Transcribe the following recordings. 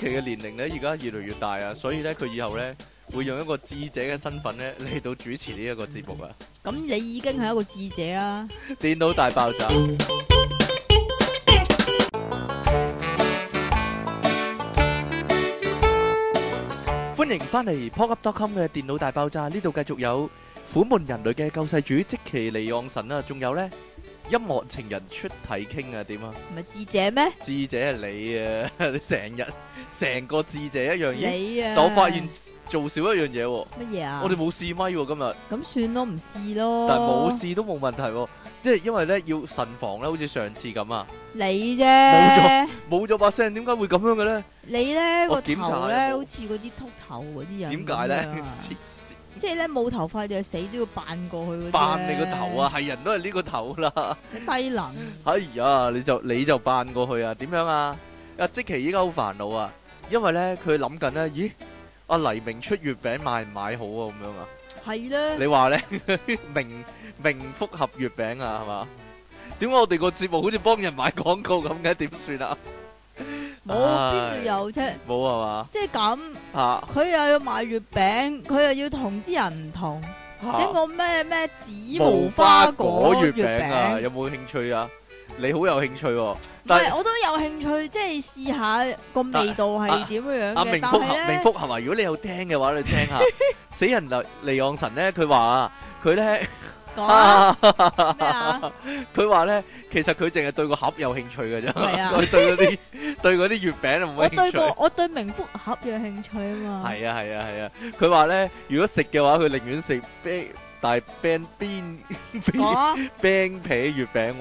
佢嘅年齡咧，而家越嚟越大啊，所以咧，佢以後咧會用一個智者嘅身份咧嚟到主持呢一個節目啊。咁、嗯、你已經係一個智者啦。電腦大爆炸。歡迎翻嚟 popup.com 嘅電腦大爆炸，呢度繼續有苦悶人類嘅救世主即積淇離岸神啊，仲有咧。音樂情人出體傾啊，點啊？唔係智者咩？智者係你啊！你成日成個智者一樣嘢，你、啊、但我發現做少一樣嘢喎。乜嘢啊？啊我哋冇試咪喎、啊、今日。咁算咯，唔試咯。但係冇試都冇問題喎、啊，即係因為咧要慎防咧，好似上次咁啊。你啫、啊，冇咗。冇咗把聲，點解會咁樣嘅咧？你咧呢我個頭咧，好似嗰啲禿頭嗰啲人。點解咧？ 即係咧，冇頭髮就死都要扮過去嗰啲咧。扮你個頭啊，係人都係呢個頭啦。低能。哎呀，你就你就扮過去啊？點樣啊？阿積淇依家好煩惱啊，因為咧佢諗緊咧，咦？阿黎明出月餅買唔買好啊？咁樣啊？係咧。你話咧，明明復合月餅啊，係嘛？點解我哋個節目好似幫人買廣告咁嘅？點算啊？冇邊度有啫，冇係嘛，即係咁，佢、啊、又要買月餅，佢又要同啲人唔同，整、啊、個咩咩紫毛花無花果月餅啊，有冇興趣啊？你好有興趣、啊，但係我都有興趣，即係試下個味道係點樣樣嘅。但係咧，明福係嘛、啊？如果你有聽嘅話，你聽下 死人離岸神咧，佢話佢咧。 講啊！佢話咧，其實佢淨係對個盒有興趣嘅啫，對嗰啲對嗰啲月餅啊，冇興趣。我對個我對明福盒有興趣啊嘛。係啊係啊係啊！佢話咧，如果食嘅話，佢寧願食冰大冰邊講冰皮月餅，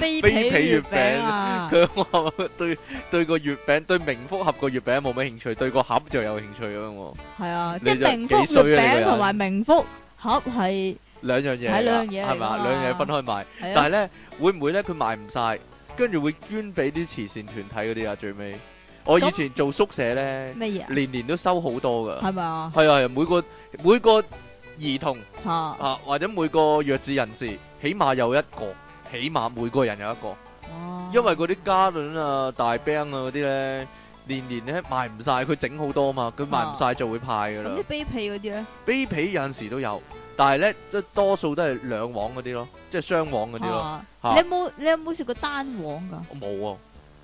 冰皮月餅啊！佢話對對個月餅，對明福盒個月餅冇咩興趣，對個盒就有興趣咁。係啊，即係明福月餅同埋明福盒係。兩樣嘢啦，係嘛？兩樣嘢分開賣，但係呢會唔會呢佢賣唔晒，跟住會捐俾啲慈善團體嗰啲啊？最尾我以前做宿舍呢，咩嘢？年年都收好多噶，係咪啊？係啊，每個每個兒童啊啊，或者每個弱智人士，起碼有一個，起碼每個人有一個。哦，因為嗰啲加侖啊、大餅啊嗰啲呢，年年呢賣唔晒，佢整好多嘛，佢賣唔晒就會派噶啦。啲卑鄙嗰啲呢，卑鄙有時都有。但係咧，即係多數都係兩黃嗰啲咯，即係雙黃嗰啲咯。你冇、啊啊、你有冇食過單黃噶？我冇啊。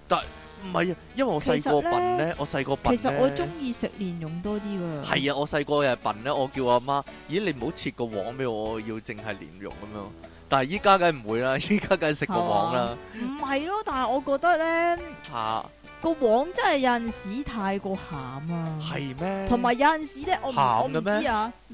但唔係啊，因為我細個笨咧，呢我細個笨其實我中意食蓮蓉多啲㗎。係啊，我細個又笨咧，我叫阿媽，媽，咦你唔好切個黃俾我，我要淨係蓮蓉咁樣。但係依家梗係唔會啦，依家梗係食個黃啦。唔係、啊、咯，但係我覺得咧嚇。啊。個黃真係有陣時太過鹹啊，係咩嗎？同埋有陣時咧，我鹹嘅咩？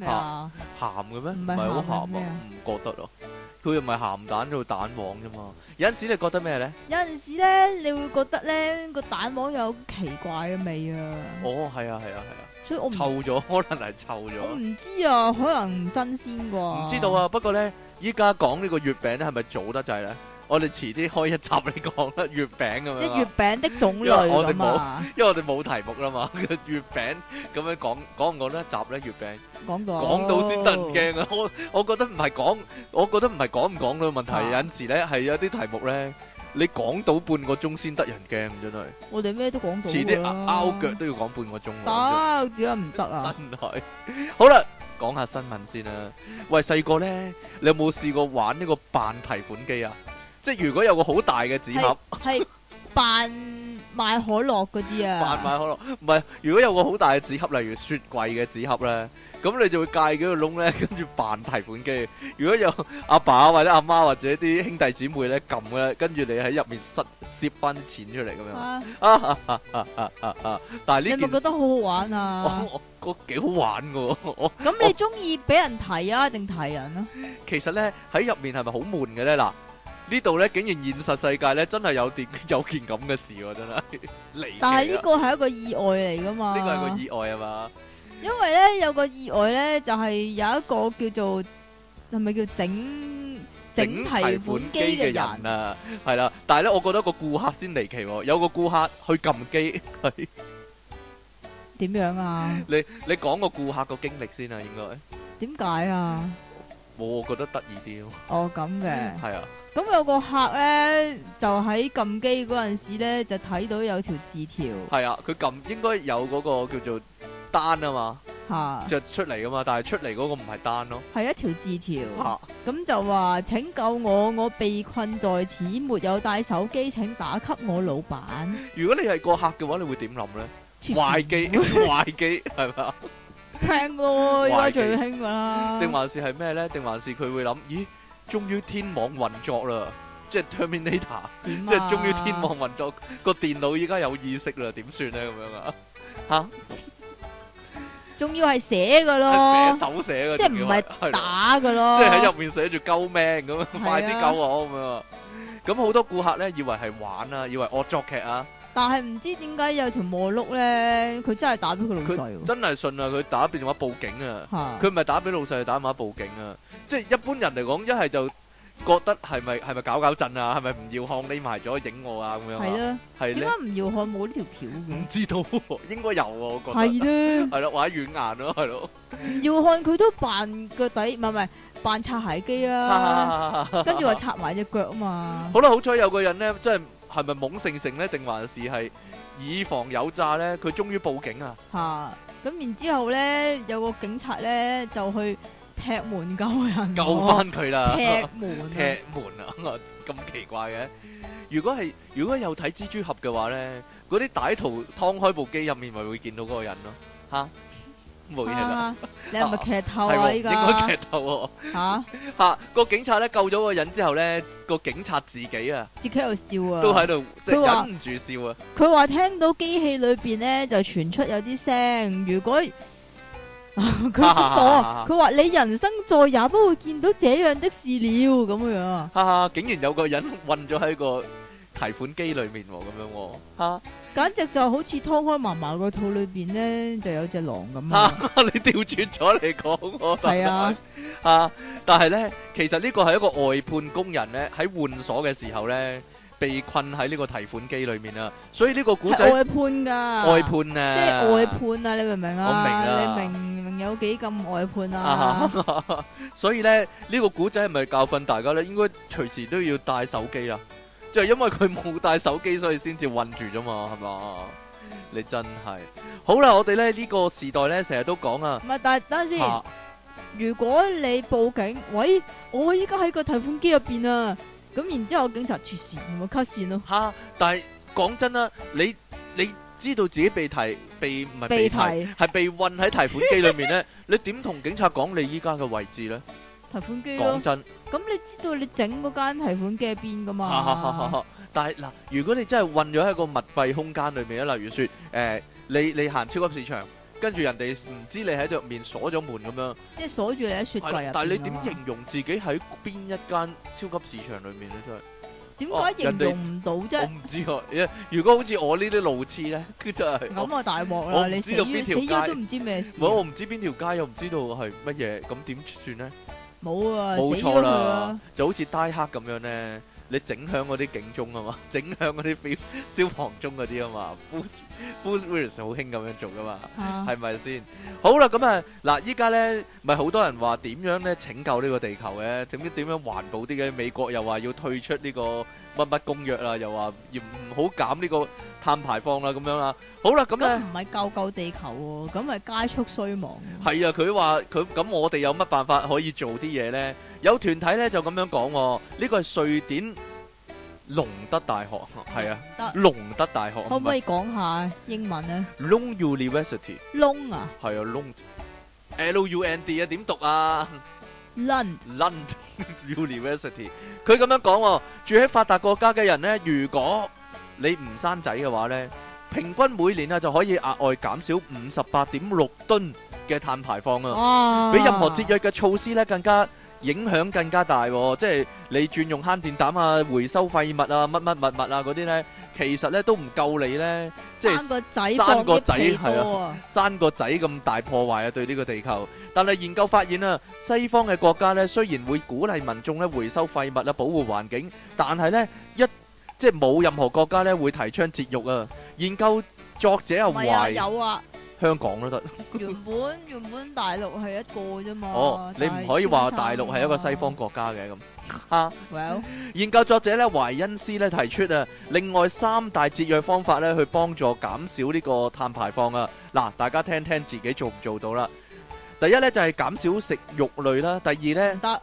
鹹嘅咩？唔係好鹹啊？唔覺得咯，啊，佢又唔係鹹蛋做蛋黃啫嘛。有陣時你覺得咩咧？有陣時咧，你會覺得咧個蛋黃有奇怪嘅味啊。哦，係啊，係啊，係啊。啊，所以我臭咗，可能係臭咗。我唔知啊，可能唔新鮮啩。唔知道啊，不過咧，依家講呢個月餅咧，係咪早得滯咧？我哋遲啲開一集，你講啦，月餅咁樣。即係月餅的種類咁啊！因為我哋冇 題目啦嘛，月餅咁樣講，講唔講得一集咧？月餅講到講到先得人驚啊！我我覺得唔係講，我覺得唔係講唔講嘅問題。啊、有時咧係有啲題目咧，你講到半個鐘先得人驚，真係。我哋咩都講到。遲啲拗腳都要講半個鐘。得點解唔得啊？啊啊 真係的 好啦，講下新聞先啦。喂，細個咧，你有冇試過玩呢個扮提款機啊？即係如果有個好大嘅紙盒，係扮賣可樂嗰啲啊，扮賣可樂唔係。如果有個好大嘅紙盒，例如雪櫃嘅紙盒咧，咁你就會介幾個窿咧，跟住扮提款機。如果有阿爸，爸或者阿媽或者啲兄弟姊妹咧，撳咧，跟住你喺入面塞摺翻啲錢出嚟咁樣。但係你有冇覺得好好玩啊？哦，我，我，我幾好玩嘅。我咁你中意俾人提啊，定提人啊？其實咧喺入面係咪好悶嘅咧？嗱。呢度咧竟然現實世界咧真係有電有件咁嘅事喎，真係離奇。但係呢個係一個意外嚟噶嘛？呢個係個意外啊嘛？因為咧有個意外咧就係有一個叫做係咪叫整整提款機嘅人啊，係啦。但係咧我覺得個顧客先離奇，有個顧客去撳機係點樣啊？你你講個顧客個經歷先啊？應該點解啊？我覺得得意啲哦，咁嘅係啊。咁有個客咧，就喺撳機嗰陣時咧，就睇到有條字條。係啊，佢撳應該有嗰個叫做單啊嘛，啊就出嚟噶嘛但係出嚟嗰個唔係單咯，係一條字條。咁、啊、就話，請救我，我被困在此，沒有帶手機，請打給我老闆。如果你係個客嘅話，你會點諗咧？壞機壞機係嘛？聽咯，應該機最輕噶啦。定還是係咩咧？定還是佢會諗？咦？終於天網運作啦，即係 Terminator、啊、即係終於天網運作個電腦依家有意識啦，點算咧咁樣啊？吓，仲要係寫噶咯，手寫噶，即係唔係打噶咯？即係喺入面寫住救命咁，樣啊、 快啲救我咁樣。咁好多顧客咧，以為係玩啊，以為惡作劇啊。但係唔知點解有條網碌咧，佢真係打俾佢老細喎。真係信啊！佢打電話報警啊！佢唔係打俾老細，打電話報警啊！即係一般人嚟講，一係就覺得係咪係咪搞搞震啊？係咪吳耀漢匿埋咗影我啊？咁樣啊？係咯呢，點解吳耀漢冇呢條橋？唔 知道、啊，應該有喎、啊，我覺得係咯，係咯呢，或者 軟硬咯、啊，係咯、啊。吳耀漢佢都扮腳底，唔係唔係扮擦鞋機啦，跟住話擦埋隻腳啊嘛。好啦、嗯，好彩有個人咧，真係。真 係咪懵盛盛咧，定還是係以防有詐咧？佢終於報警啊！嚇！咁然之後咧，有個警察咧就去踢門救人，救翻佢啦！踢門，踢門啊！咁奇怪嘅，如果係如果有睇蜘蛛俠嘅話咧，嗰啲歹徒劏開部機入面，咪會見到嗰個人咯？嚇、啊！冇嘢啦，你係咪劇透啊？依個應該劇透喎。吓吓，個警察咧救咗個人之後咧，個警察自己啊，自己喺度笑啊，都喺度，即係忍唔住笑啊。佢話聽到機器裏邊咧就傳出有啲聲，如果佢講佢話你人生再也不會見到這樣的事了咁樣樣啊。哈哈，竟然有個人暈咗喺個提款機裏面咁樣、哦，吓、啊、簡直就好似拖開嫲嫲個肚裏邊咧，就有隻狼咁。吓你調轉咗嚟講，係啊，吓！但係咧，其實呢個係一個外判工人咧，喺換鎖嘅時候咧，被困喺呢個提款機裏面啦。所以呢個古仔外判噶，外判啊，即係外判啊！你明唔明啊？我明啦、啊，你明明有幾咁外判啊？啊 所以咧，呢、這個古仔係咪教訓大家咧？應該隨時都要帶手機啊！就係因為佢冇帶手機，所以先至困住啫嘛，係嘛？ 你真係好啦，我哋咧呢、呢個時代咧，成日都講啊。唔係，但係等陣先。啊、如果你報警，喂，我依家喺個提款機入邊啊。咁然之後警察脱線、啊，咪 cut 線咯。吓！但係講真啦，你你知道自己被提被唔係被提，係被，提被困喺提款機裏面咧， 你點同警察講你依家嘅位置咧？提款機咯，咁你知道你整嗰間提款機喺邊噶嘛？ 但係嗱，如果你真係困咗喺個密閉空間裏面咧，例如說誒、呃，你你行超級市場，跟住人哋唔知你喺入面鎖咗門咁樣，即係鎖住你喺雪櫃啊。但係你點形容自己喺邊一間超級市場裏面咧？真係點解形容唔到啫？我唔知如果好似我呢啲路痴咧，真係咁啊，大鑊啦！你 知道邊條街，死咗都唔知咩事。我唔 知邊條街，又唔知道係乜嘢，咁點算咧？冇啊，冇錯啦，就好似 Die 黑咁樣咧。你整響嗰啲警鐘啊嘛，整響嗰啲消防鐘嗰啲啊嘛，full full series 好興咁樣做噶嘛，係咪先？好啦，咁啊嗱，依家咧咪好多人話點樣咧拯救呢個地球嘅？點知點樣環保啲嘅？美國又話要退出呢個乜乜公約啦，又話要唔好減呢個碳排放啦，咁樣啦。好啦，咁咧唔係救救地球喎、啊，咁咪加速衰亡。係啊，佢話佢咁，我哋有乜辦法可以做啲嘢咧？有團體咧就咁樣講、哦，呢個係瑞典隆德大學，係德啊，隆德大學可唔可以講下英文呢？Lung University，隆啊，係啊，Lung L U N D 啊，點讀啊？Lund，Lund L und, University。佢咁樣講、哦，住喺發達國家嘅人呢，如果你唔生仔嘅話呢，平均每年啊就可以額外減少五十八點六噸嘅碳排放啊，啊比任何節約嘅措施呢更加。影響更加大、哦，即係你轉用慳電膽啊、回收廢物啊、乜乜物物啊嗰啲呢，其實呢都唔夠你呢。即係生個仔都幾是多啊，啊！生個仔咁大破壞啊，對呢個地球。但係研究發現啊，西方嘅國家呢，雖然會鼓勵民眾呢回收廢物啊、保護環境，但係呢，一即係冇任何國家呢會提倡節育啊。研究作者啊，又話、啊。壞 香港都得，原本原本大陸係一個啫嘛。哦，是你唔可以話大陸係一個西方國家嘅咁。 w Well, 研究作者咧懷恩斯咧提出啊，另外三大節約方法咧去幫助減少呢個碳排放啊。嗱，大家聽聽自己做唔做到啦。第一咧就係、是、減少食肉類啦、啊，第二咧行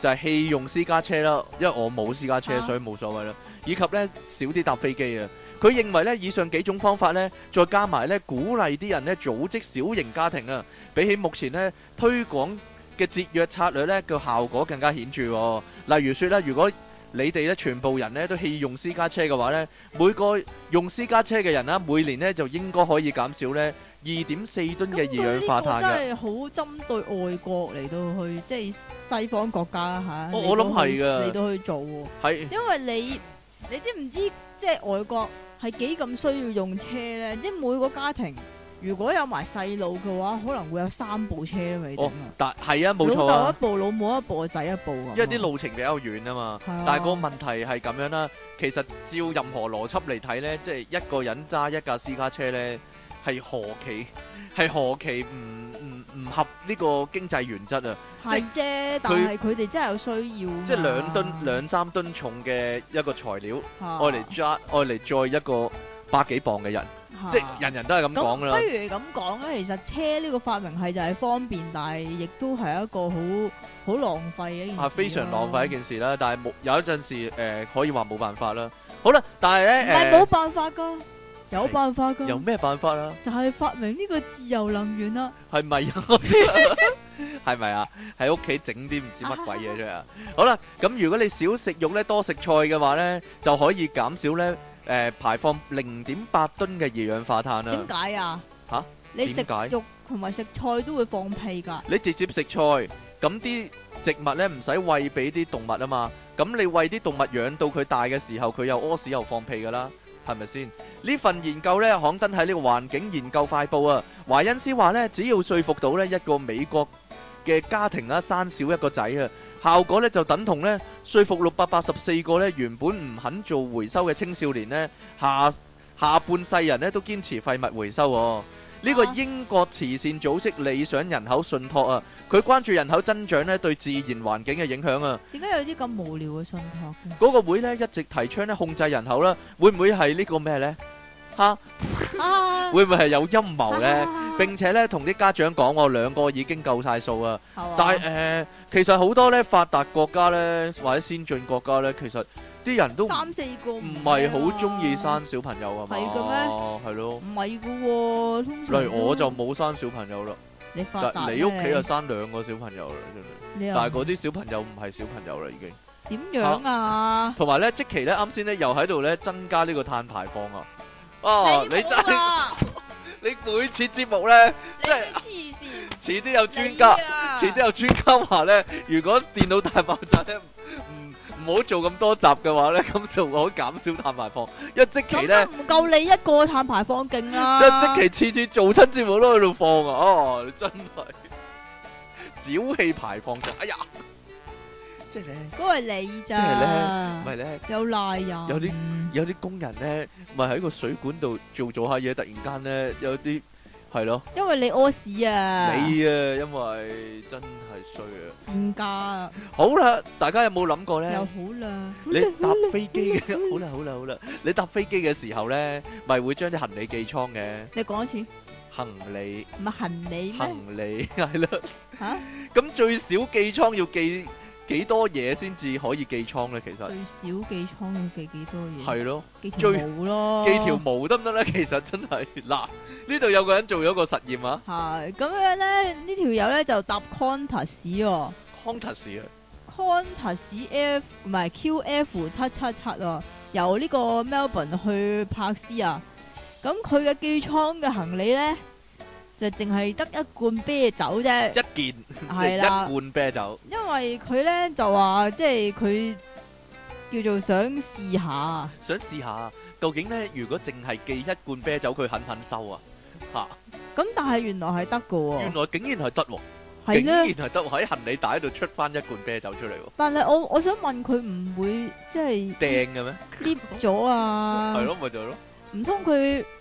就係棄用私家車啦，因為我冇私家車，啊、所以冇所謂啦。以及咧少啲搭飛機啊。佢認為咧，以上幾種方法咧，再加埋咧鼓勵啲人咧組織小型家庭啊，比起目前咧推廣嘅節約策略咧嘅效果更加顯著。例如說咧，如果你哋咧全部人咧都棄用私家車嘅話咧，每個用私家車嘅人咧，每年咧就應該可以減少咧二點四噸嘅二氧化碳嘅。呢個真係好針對外國嚟到去，即係西方國家啦嚇。我我諗係㗎，嚟到去做係。因為你你知唔知即係外國？係幾咁需要用車呢？即係每個家庭如果有埋細路嘅話，可能會有三部車嚟整、哦、但係啊，冇錯、啊、老豆一部，老母一部，仔一部啊！因為啲路程比較遠啊嘛，啊，但係個問題係咁樣啦。其實照任何邏輯嚟睇呢，即係一個人揸一架私家車呢，係何其係何其唔～唔合呢個經濟原則啊！係啫的，他但係佢哋真係有需要。即兩噸兩三噸重嘅一個材料，外嚟、啊、揸外嚟載一個百幾磅嘅人，啊、即人人都係咁講啦。的不如咁講咧，其實車呢個發明係就係方便，但係亦都係一個好好浪費嘅、啊。係非常浪費一件事啦。但係冇有一陣時誒、呃，可以話冇辦法啦。好啦，但係咧誒，冇、呃、辦法㗎。有辦法噶，有咩辦法啦？就係發明呢個自由能源啦。係咪啊？係咪啊？喺屋企整啲唔知乜鬼嘢啫。好啦，咁如果你少食肉咧，多食菜嘅話咧，就可以減少咧誒排放零點八噸嘅二氧化碳啦。點解啊？吓，你食肉同埋食菜都會放屁噶。你直接食菜，咁啲植物咧唔使喂俾啲動物啊嘛。咁你喂啲動物養到佢大嘅時候，佢又屙屎又放屁噶啦。係咪先？呢份研究呢，刊登喺呢個環境研究快報啊。華恩斯話呢，只要說服到呢一個美國嘅家庭啊，生少一個仔啊，效果呢就等同呢說服六百八十四個呢原本唔肯做回收嘅青少年呢，下下半世人呢都堅持廢物回收啊。呢、這個英國慈善組織理想人口信託啊。佢關注人口增長咧對自然環境嘅影響啊！點解有啲咁無聊嘅信託嘅？嗰個會咧一直提倡咧控制人口啦，會唔會係呢個咩咧？嚇！會唔會係有陰謀咧？並且咧同啲家長講，我兩個已經夠晒數啊！但係誒，其實好多咧發達國家咧或者先進國家咧，其實啲人都三四個唔係好中意生小朋友啊嘛，係咩，係咯，唔係嘅喎，通常例如我就冇生小朋友啦。你翻大屋企又生兩個小朋友啦，真係。又但係嗰啲小朋友唔係小朋友啦，已經。點樣啊？同埋咧，即期咧，啱先咧又喺度咧增加呢個碳排放啊！哦、啊，你，啊、你真係 你每次節目咧，即係遲啲有專家，遲啲有專家話咧，如果電腦大爆炸咧。唔好做咁多集嘅話咧，咁就可減少碳排放。一即期咧，唔夠你一個碳排放勁啦！一即期次次做親節目都喺度放啊！哦，你真係沼氣排放哎呀！即係咧，嗰係你咋？即係咧，唔係咧，有賴人。有啲有啲工人咧，唔係喺個水管度做做下嘢，突然間咧有啲。係咯，因為你屙屎啊！你啊，因為真係衰啊！賤格，好啦，大家有冇諗過咧？又好啦，你搭飛機嘅好啦，好啦，好啦，你搭飛機嘅時候咧，咪會將啲行李寄艙嘅？你講一次，行李唔係行李咩？行李係啦，吓？咁最少寄艙要寄。幾多嘢先至可以寄倉咧？其實最少寄倉要寄幾多嘢？係咯，寄條毛咯，寄條毛得唔得咧？其實真係嗱，呢度有個人做咗個實驗啊！係咁樣咧，呢條友咧就搭 Qantas 喎 Qantas 啊 Qantas F 唔係 QF 七七七啊，由呢個 Melbourne 去珀斯啊，咁佢嘅寄倉嘅行李咧就淨係得一罐啤酒啫。 件即係一罐啤酒，因為佢咧就話即係佢叫做想試下，想試下究竟咧，如果淨係寄一罐啤酒，佢肯唔肯收啊？吓，咁但係原來係得噶喎，原來竟然係得，係咧，竟然係得喺行李帶喺度出翻一罐啤酒出嚟。但係我我想問佢唔會即係掟嘅咩？跌咗啊？係咯，咪就咯，唔通佢？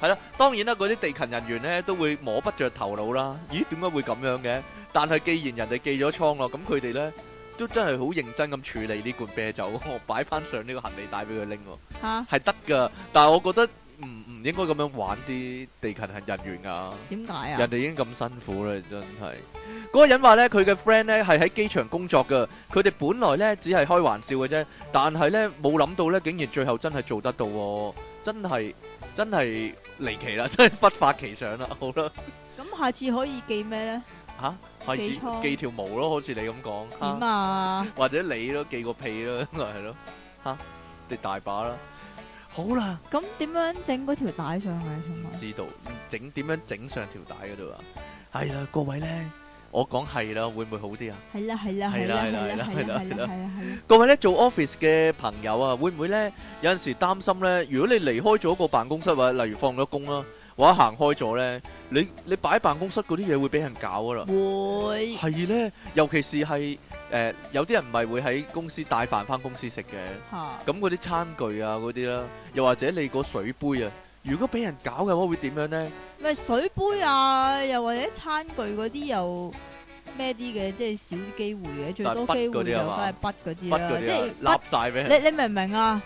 係啦，當然啦，嗰啲地勤人員咧都會摸不着頭腦啦。咦，點解會咁樣嘅？但係既然人哋寄咗倉咯，咁佢哋咧都真係好認真咁處理呢罐啤酒，擺翻上呢個行李帶俾佢拎。吓，係得噶。但係我覺得唔唔應該咁樣玩啲地勤人員噶。點解啊？人哋已經咁辛苦啦，真係。嗰個人話咧，佢嘅 friend 咧係喺機場工作噶，佢哋本來咧只係開玩笑嘅啫，但係咧冇諗到咧，竟然最後真係做得到，真係。真係離奇啦，真係不發奇想啦，好啦。咁下次可以寄咩咧？嚇、啊，寄寄倉條毛咯，好似你咁講。點啊？或者你都寄個屁咯，咁咪係咯。吓、啊？你大把啦。好啦，咁點樣整嗰條帶上去？先？唔知道，整點樣整上條帶嘅啫嘛？係、哎、啦，各位咧。我講係啦，會唔會好啲啊？係啦係啦係啦係啦係啦係啦係啦係啦！各位咧，做 office 嘅朋友啊，會唔會咧有陣時擔心咧？如果你離開咗個辦公室或者例如放咗工啦，或者行開咗咧，你你擺辦公室嗰啲嘢會俾人搞噶啦。會係咧，尤其是係誒有啲人唔係會喺公司帶飯返公司食嘅，咁嗰啲餐具啊嗰啲啦，又或者你個水杯啊。如果俾人搞嘅話會點樣咧？唔係水杯啊，又或者餐具嗰啲又咩啲嘅，即係少啲機會嘅，最多機會就梗係筆嗰啲啦，即係冧晒咩？你你明唔明啊？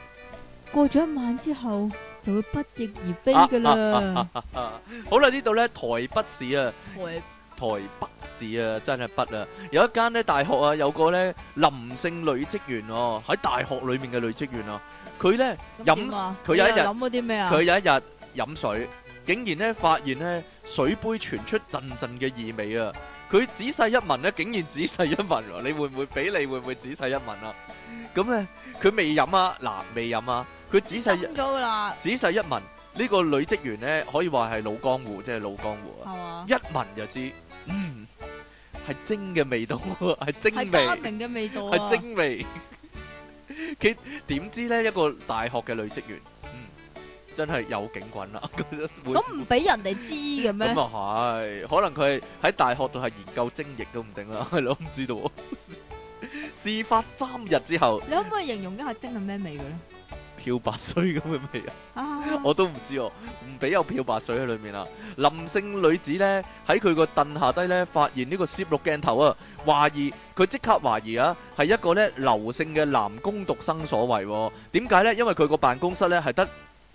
過咗一晚之後就會不翼而飛噶啦。好啦，呢度咧台北市啊，台台北市啊，真係筆啊！有一間咧大學啊，有個咧林姓女職員哦、啊，喺大學裏面嘅女職員啊。佢咧飲佢有一日佢有一日飲水，竟然咧發現咧水杯傳出陣陣嘅異味啊！佢仔細一聞咧，竟然仔細一聞，你會唔會俾你會唔會仔細一聞啊？咁咧佢未飲啊，嗱未飲啊，佢仔細飲咗啦。仔細一聞，呢個女職員咧可以話係老江湖，即係老江湖啊！一聞就知，嗯，係精嘅味道，係精味。係家明嘅味道，係精味。佢點知咧？一個大學嘅女職員，嗯，真係有警棍啦。咁唔俾人哋知嘅咩？咁啊係，可能佢喺大學度係研究精液都唔定啦，我唔知道。事 發三日之後，你可唔可以形容一下精係咩味嘅？漂白水咁嘅味啊！我都唔知哦，唔俾有漂白水喺裏面啊。林姓女子咧喺佢個凳下低咧，發現呢個攝錄鏡頭啊，懷疑佢即刻懷疑啊，係一個咧劉姓嘅男工讀生所為。點解咧？因為佢個辦公室咧係得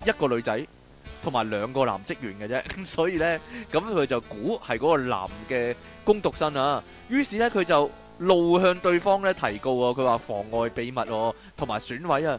一個女仔同埋兩個男職員嘅啫，所以咧咁佢就估係嗰個男嘅工讀生啊。於是咧佢就怒向對方咧提告啊，佢話妨礙秘密同埋損毀啊。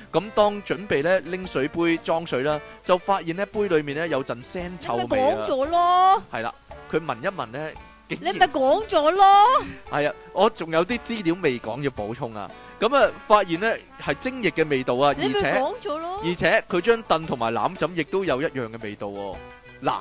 咁當準備咧拎水杯裝水啦，就發現咧杯裏面咧有陣腥臭味啦。咪講咗咯？係啦，佢聞一聞咧，竟然你咪講咗咯？係啊，我仲有啲資料未講要補充啊。咁啊，發現咧係精液嘅味道啊，而且講咗咯。而且佢張凳同埋攬枕亦都有一樣嘅味道喎。嗱，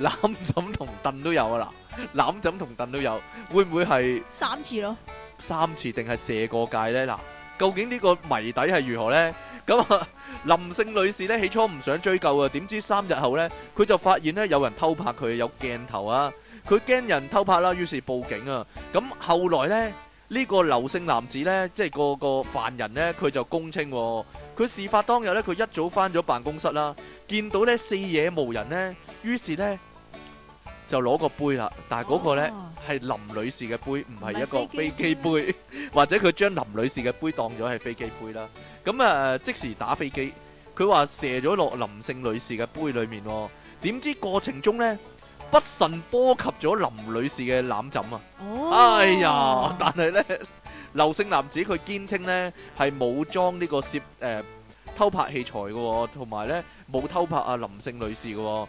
攬枕同凳都有啊嗱，攬枕同凳都有，會唔會係三次咯？三次定係射過界咧嗱？究竟呢個謎底係如何呢？咁啊，林姓女士呢，起初唔想追究啊，點知三日後呢，佢就發現呢，有人偷拍佢有鏡頭啊！佢驚人偷拍啦，於是報警啊！咁後來呢，呢、呢個劉姓男子呢，即係個個犯人呢，佢就供稱喎、啊，佢事發當日呢，佢一早返咗辦公室啦、啊，見到呢四野無人呢，於是呢。就攞個杯啦，但係嗰個呢係、oh. 林女士嘅杯，唔係一個飛機杯， 或者佢將林女士嘅杯當咗係飛機杯啦。咁啊、呃，即時打飛機，佢話射咗落林姓女士嘅杯裡面、哦，點知過程中呢，不慎波及咗林女士嘅攬枕啊！Oh. 哎呀，但係呢，劉姓男子佢堅稱呢係冇裝呢個攝誒、呃、偷拍器材嘅、哦，同埋呢冇偷拍阿、啊、林姓女士嘅、哦。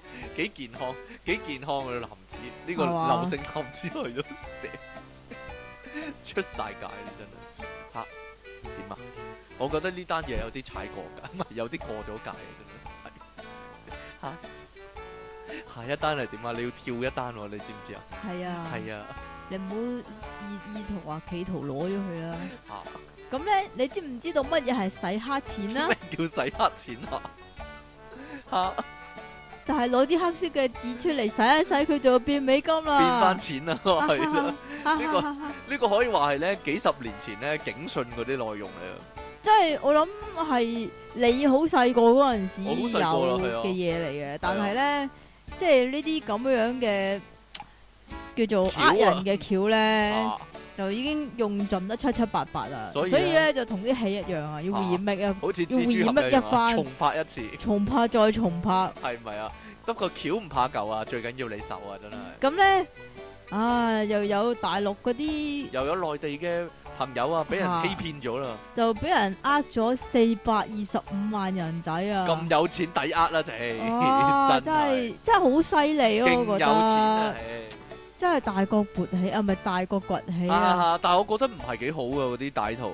幾健康幾健康嘅林子呢吧個劉姓林子去咗， 出晒界真係吓點啊！我覺得呢單嘢有啲踩過噶，唔係，有啲過咗界了啊！真係吓，下一單係點啊？你要跳一單，哦，你知唔知啊？係啊，係啊，你唔好意意圖話企圖攞咗佢啦。咁咧，你知唔知道乜嘢係洗黑錢啊？咩 叫洗黑錢啊？吓、 啊？就係攞啲黑色嘅紙出嚟洗一洗佢就變美金啦，變翻錢啦係呢個呢、這個可以話係咧幾十年前咧警訊嗰啲內容嚟，即係我諗係你好細個嗰陣時已經有嘅嘢嚟嘅，啊、但係咧、啊、即係呢啲咁樣嘅叫做呃、啊、人嘅橋咧。啊就已經用盡得七七八八啦，所以咧就同啲戲一樣啊，要毀滅啊，要毀滅一番，重拍一次，重拍再重拍，係咪啊？個不過橋唔怕舊啊，最緊要你受啊，真係。咁咧啊，又有大陸嗰啲，又有內地嘅朋友啊，俾人欺騙咗啦，就俾人呃咗四百二十五萬人仔啊，咁有錢抵押啦，真係真係真係好犀利咯，我覺得。真係大國勃起，是是大起啊，唔係大國崛起，但係我覺得唔係幾好噶，嗰啲歹徒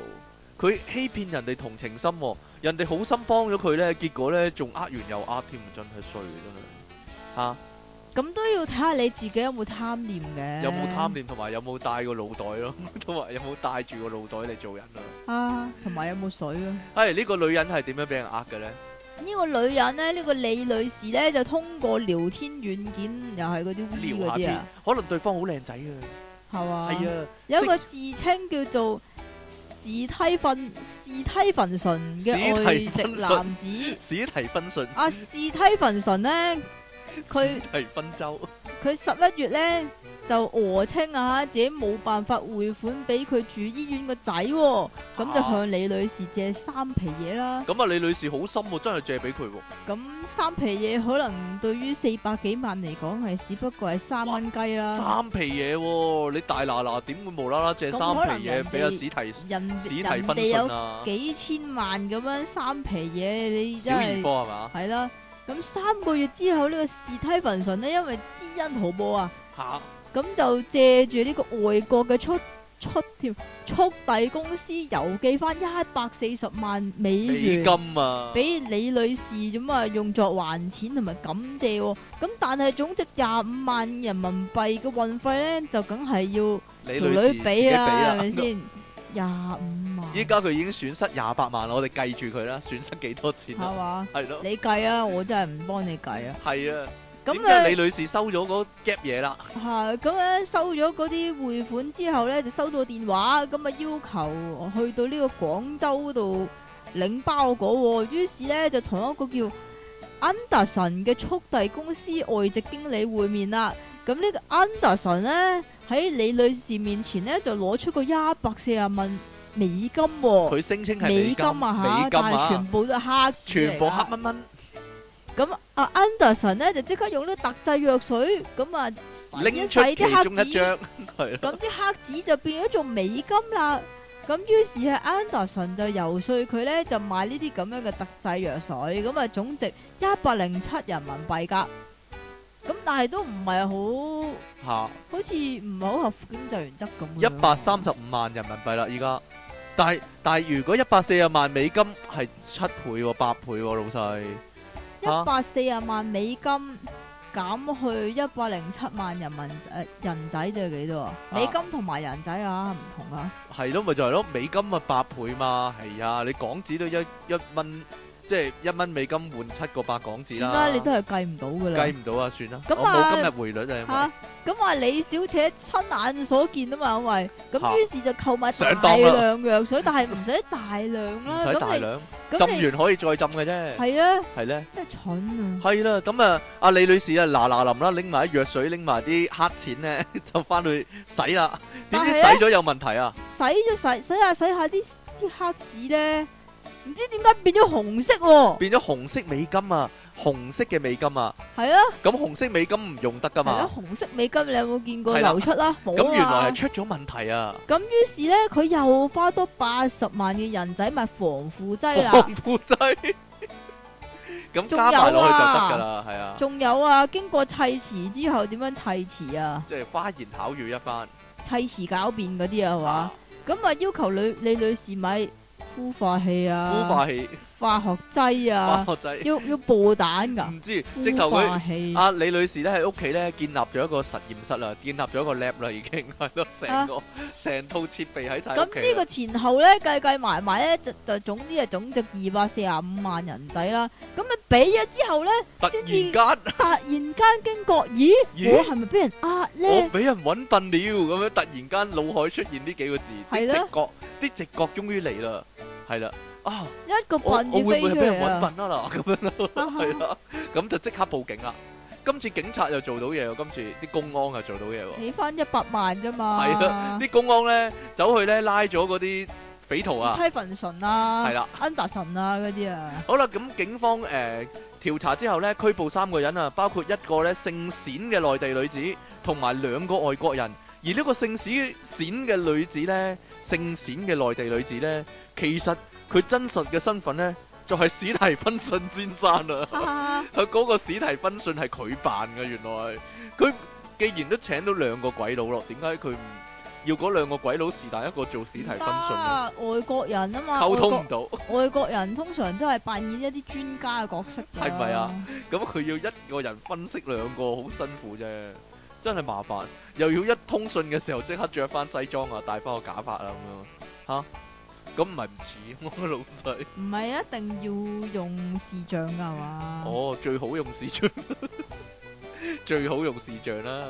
佢欺騙人哋同情心。哦，人哋好心幫咗佢呢，結果呢，仲呃完又呃添，真係衰啦吓！咁、啊、都要睇下你自己有冇貪念嘅，有冇貪念，同埋有冇帶個腦袋咯，同 埋有冇帶住個腦袋嚟做人啊？啊，同埋有冇水啊？係呢、哎呢個女人係點樣俾人呃嘅呢？呢個女人咧，呢、呢個李女士咧，就通過聊天軟件，又係嗰啲烏聊嗰啲，可能對方好靚仔啊。係啊吧，哎、呀有一個自稱叫做史提芬史提芬純嘅外籍男子。史提芬·純。 啊，史提芬純咧，佢。史提芬州。佢十一月咧。就訛稱啊，自己冇辦法匯款俾佢住醫院個仔，哦，咁就向李女士借三皮嘢啦。咁啊，李、啊、女士好心喎，真係借俾佢喎。咁三皮嘢可能對於四百幾萬嚟講係，只不過係三蚊雞啦。三皮嘢喎，哦，你大嗱嗱點會無啦啦借三皮嘢俾阿史提史提分神啊？有幾千萬咁樣三皮嘢，你真係？小然係嘛？係啦，咁三個月之後呢個史提分神呢，因為知恩圖報啊嚇。啊咁就借住呢個外國嘅出出條速遞公司郵寄翻一百四十萬美元，金啊，俾李女士咁啊用作還錢同埋感謝、哦。咁但係總值廿五萬人民幣嘅運費咧，就梗係要你女，、啊、女士俾啦、啊，係咪先？廿五萬。依家佢已經損失廿八萬啦，我哋計住佢啦，損失幾多錢啊？係嘛話，係 咯，你計啊，我真係唔幫你計 啊。係啊。咁解李女士收咗嗰 gap 嘢啦，係咁樣收咗嗰啲匯款之後咧，就收到電話，咁啊要求去到呢個廣州度領包裹。於是咧、啊、就同一個叫 Anderson 嘅速遞公司外籍經理會面啦。咁呢個 Anderson 咧喺李女士面前咧就攞出個一百四十萬美金。佢聲稱係美金啊吓，啊但係全部都黑，全部黑蚊蚊。咁阿、啊、Anderson 咧就即刻用啲特製藥水，咁啊拎出其中一張，咁 啲對了 黑紙就變咗做美金啦。咁於是啊 Anderson 就遊說佢咧就買呢啲咁樣嘅特製藥水，咁啊總值一百零七人民幣噶。咁但係都唔係好，好似唔係好合經濟原則咁。一百三十五萬人民幣啦，而家，但係但係如果一百四十萬美金係七倍、啊，八倍、啊，老細。一百四十萬美金減去一百零七萬人民誒、呃、人仔，仲有幾多啊？美啊、就是？美金同埋人仔啊，唔同啊？係咯，咪就係咯，美金咪八倍嘛。係啊，你港紙都一一蚊。即係一蚊美金換七個八港紙啦。算啦，你都係計唔到噶啦。計唔到啊，算啦。咁我冇今日匯率就係咁話。咁話李小姐親眼所見啊嘛，因為咁於是就購買大量藥水，但係唔使大量啦。唔使大量。咁你浸完可以再浸嘅啫。係啊。係咧。真係蠢啊！係啦，咁啊，阿李女士啊，嗱嗱臨啦，拎埋啲藥水，拎埋啲黑錢咧，就翻去洗啦。點知洗咗有問題啊？洗咗洗，洗下洗下啲啲黑紙咧。唔知點解變咗紅色，啊，變咗紅色美金啊！紅色嘅美金啊，係啊！咁紅色美金唔用得噶嘛，啊？紅色美金你有冇見過流出啦？冇啊！咁，啊啊、原來係出咗問題啊！咁於是咧，佢又花多八十萬嘅人仔買防腐劑啦。防腐劑，咁 那、啊、加埋落去就得噶啦，係啊！仲有啊！經過砌詞之後，點樣砌詞啊？即係花言巧語一番，砌詞狡辯嗰啲啊，係嘛？咁啊，要求女李女士買。孵化器啊，孵化器，化學劑啊，化學劑，要要孵蛋噶，唔知，徵求佢，阿李女士咧喺屋企咧建立咗一個實驗室啦，建立咗一個 lab 啦，已經係咯，成個成套設備喺晒。咁呢個前後咧計計埋埋咧，就就總之係總值二百四啊五萬人仔啦。咁啊俾咗之後咧，先至突然間突然間驚覺，咦，我係咪俾人啊？我俾人搵笨了咁樣，突然間腦海出現呢幾個字，啲直覺，啲直覺終於嚟啦。係啦，啊，一個噴住飛出嚟啊！咁啊啦，咁樣咯，係啦，咁就即刻報警啦。今次警察又做到嘢，今次啲公安又做到嘢喎。起翻一百萬啫嘛，係啦。啲公安咧走去咧拉咗嗰啲匪徒啊，梯凡臣啊，係啦，安達臣啊嗰啲啊。好啦，咁警方誒調查之後咧，拘捕三個人啊，包括一個咧姓冼嘅內地女子，同埋兩個外國人。而呢個姓史冼嘅女子咧，姓冼嘅內地女子咧。其實佢真實嘅身份呢就係史提芬信先生啊！佢嗰個史提芬信係佢扮嘅，原來佢既然都請到兩個鬼佬咯，點解佢唔要嗰兩個鬼佬是但一個做史提芬信？因為外國人啊嘛，溝通唔到。外國人通常都係扮演一啲專家嘅角色，係咪啊？咁佢要一個人分析兩個，好辛苦啫，真係麻煩。又要一通訊嘅時候，即刻着翻西裝啊，戴翻個假髮啊，咁樣吓。咁唔係唔似我老細？唔係一定要用視像噶嘛？ 哦，最好用視像， 最好用視像啦。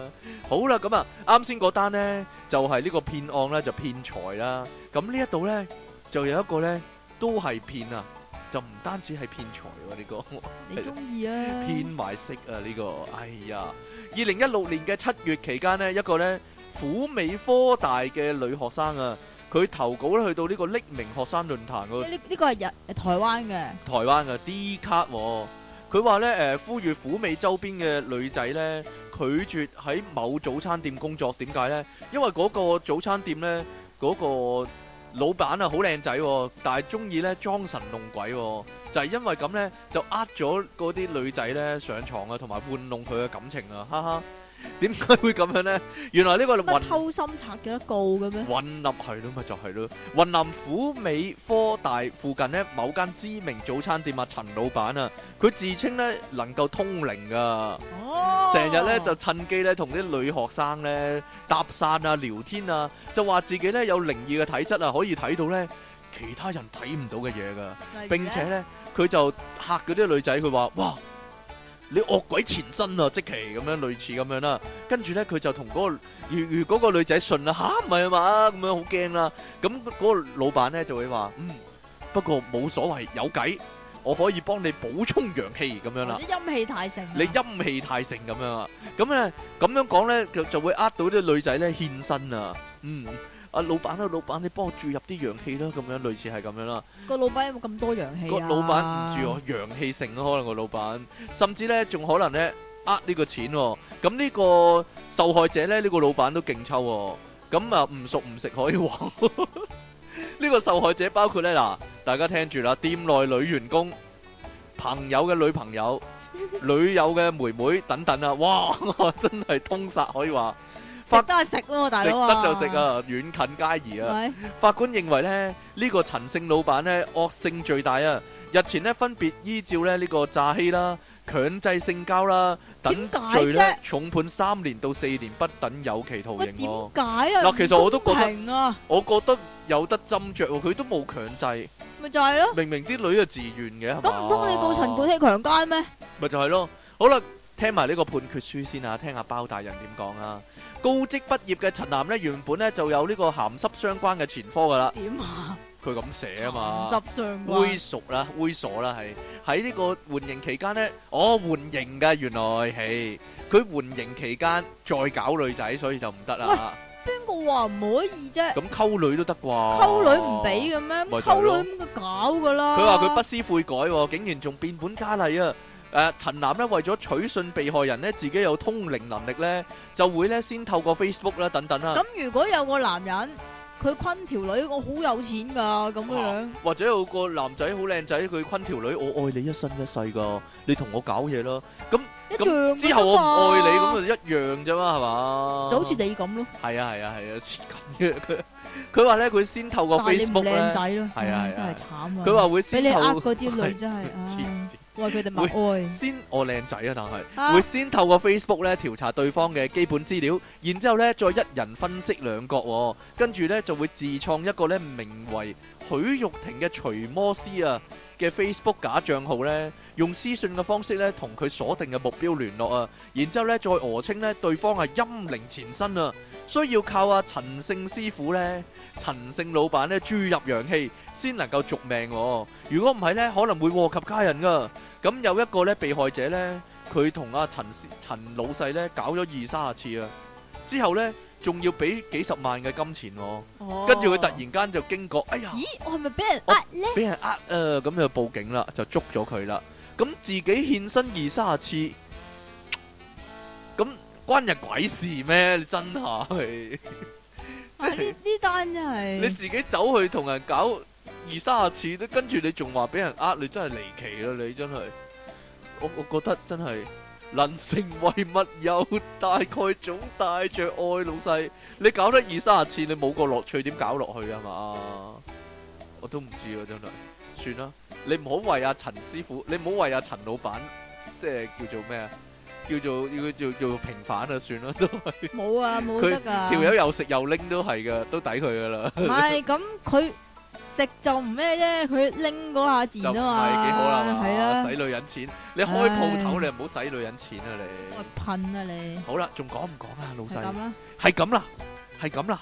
好啦，咁啊，啱先嗰單呢，就係呢個騙案啦，就騙財啦。咁呢一度呢，就有一個呢，都係騙啊，就唔單止係騙財喎，呢個你中意啊？騙埋 色啊呢個，哎呀，二零一六年嘅七月期間呢，一個呢，虎尾科大嘅女學生啊。佢投稿咧去到呢個匿名學生論壇嗰，呢呢個係日台灣嘅，台灣嘅 Dcard。佢話咧誒呼籲虎尾周邊嘅女仔咧拒絕喺某早餐店工作，點解咧？因為嗰個早餐店咧嗰個老闆啊好靚仔，但係中意咧裝神弄鬼，就係因為咁咧就呃咗嗰啲女仔咧上床啊，同埋玩弄佢嘅感情啊，哈哈。點解會咁樣呢？原來呢個混偷心賊幾多個嘅咩？混入去咯嘛，就係咯。雲南虎美科大附近咧，某間知名早餐店啊，陳老闆啊，佢自稱呢能夠通靈噶，成日呢就趁機呢同啲女學生呢搭訕啊、聊天啊，就話自己呢有靈異嘅體質啊，可以睇到呢其他人睇唔到嘅嘢噶，並且呢，佢就嚇嗰啲女仔，佢話哇。你惡鬼纏身啊，即其咁樣類似咁樣啦、啊，呢跟住咧佢就同嗰個如如個女仔信啦、啊，吓唔係啊嘛，咁樣好驚啦，咁嗰、啊嗯嗰個老闆咧就會話，嗯，不過冇所謂，有計，我可以幫你補充陽氣咁樣啦，陰氣太盛，你陰氣太盛咁樣啊，咁咧咁樣講、啊、咧、嗯、就就會呃到啲女仔咧獻身啊，嗯。啊，老闆啦，老闆，你幫我注入啲陽氣啦，咁樣類似係咁樣啦。個老闆有冇咁多陽氣啊？個老闆唔注陽氣成咯，可能個老闆，甚至咧仲可能咧呃呢個錢喎。咁呢個受害者咧，呢個老闆都勁抽喎。咁啊，唔熟唔食可以話。呢個受害者包括咧嗱，大家聽住啦，店內女員工、朋友嘅女朋友、女友嘅妹妹等等啊，哇，真係通殺可以話。法都係食咯，大佬啊！得就食啊，遠近皆宜啊！法官認為咧，呢個陳姓老闆咧惡性最大啊！日前咧分別依照咧呢個詐欺啦、強制性交啦等罪咧，重判三年到四年不等有期徒刑。點解啊？嗱，其實我都覺得，我覺得有得斟酌。佢都冇強制，咪就係咯。明明啲女係自願嘅，咁唔通你告陳冠希強姦咩？咪就係咯，好啦。聽埋呢個判決書先啊，聽下包大人點講啊。高職畢業嘅陳南咧，原本咧就有呢個鹹濕相關嘅前科噶啦。點啊？佢咁寫啊嘛。鹹濕相關。猥瑣啦，猥瑣啦係。喺呢個緩刑期間咧，哦緩刑噶原來，係，佢緩刑期間再搞女仔，所以就唔得啦。喂，邊個話唔可以啫？咁溝女都得啩？溝女唔俾嘅咩？溝女咁嘅搞噶啦。佢話佢不思悔改，竟然仲變本加厲啊！誒，陳楠咧為咗取信被害人咧，自己有通靈能力咧，就會咧先透過 Facebook 啦，等等啦。咁如果有個男人，佢坤條女，我好有錢噶，咁樣。或者有個男仔好靚仔，佢坤條女，我愛你一生一世噶，你同我搞嘢啦。咁一樣噶。之後我唔愛你，咁就一樣啫嘛，係嘛？就好似你咁咯。係啊係啊係啊，咁嘅佢，佢話咧佢先透過 Facebook 咧。靚仔咯，真係慘啊！佢係啊係啊，真係慘啊！佢話會先俾你呃啲女真係。會先我靚仔啊，但係會先透過 Facebook 咧調查對方嘅基本資料，然之後咧再一人分析兩國，哦，跟住咧就會自創一個咧名為。許玉婷嘅除魔師啊嘅 Facebook 假帳號咧，用私信嘅方式咧，同佢鎖定嘅目標聯絡啊，然之後咧再訛稱咧對方係陰靈纏身啊，需要靠阿陳姓師傅咧、陳姓老闆咧注入陽氣，先能夠續命喎。如果唔係咧，可能會禍及家人噶。咁有一個咧被害者咧，佢同阿陳師、陳老細咧搞咗二三十次啊，之後咧。仲要俾幾十萬嘅金錢，跟住佢突然間就經過，哎呀！咦，我係咪俾人呃咧？俾人呃，咁就報警啦，就捉咗佢啦。咁自己獻身二三十次，咁關人鬼事咩？你真係，即係呢單真係你自己走去同人搞二三十次，都跟住你仲話俾人呃，你真係離奇啦！你真係，我我覺得真係。能成為密友，大概總帶着愛老細。你搞得二三十次，你冇個樂趣點搞落去啊？嘛，我都唔知啊，真係算啦。你唔好為阿、啊、陳師傅，你唔好為阿、啊、陳老闆，即係叫做咩啊？叫做要要要平反啊！算啦，都係冇啊，冇得噶。條友 又食又拎都係噶，都抵佢噶啦。唔係咁，佢。 食就唔咩啫，佢拎嗰下字是啊嘛，係幾好啦，係啊，使女人錢，你開鋪頭唉 你唔好使女人錢啊你，我噴啊你，好說說、啊、啦，仲講唔講啊老細，係咁啦，係咁啦，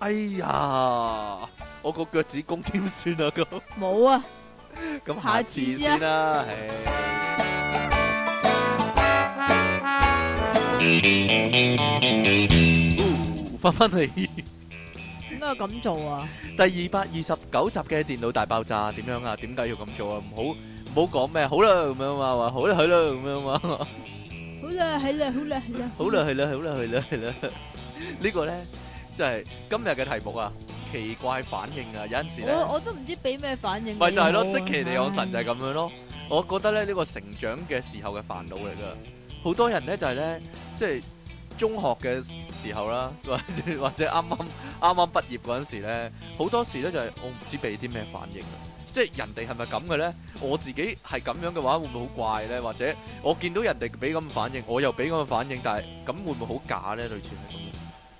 哎呀，我個腳趾公點算啊咁，冇啊，咁、 啊、下次先啦，唔翻翻嚟。 都係咁做啊！第二百二十九集嘅電腦大爆炸點樣啊？點解要咁做啊？唔好唔好講咩？好啦，咁樣嘛話，好啦，係啦，咁樣嘛，好啦，係啦，好啦，係啦，好啦，係啦，好啦，係啦，呢個咧就係今日嘅題目啊！奇怪反應啊，有陣時咧，我我都唔知俾咩反應。咪就係咯，即積淇離岸神就係咁樣咯。我覺得咧呢個成長嘅時候嘅煩惱嚟噶，好多人咧就係咧即係。中學嘅時候啦，或者啱啱啱啱畢業嗰陣時咧，好多時咧就係我唔知俾啲咩反應，即係人哋係咪咁嘅咧？我自己係咁樣嘅話，會唔會好怪咧？或者我見到人哋俾咁反應，我又俾咁反應，但係咁會唔會好假咧？類似咁樣，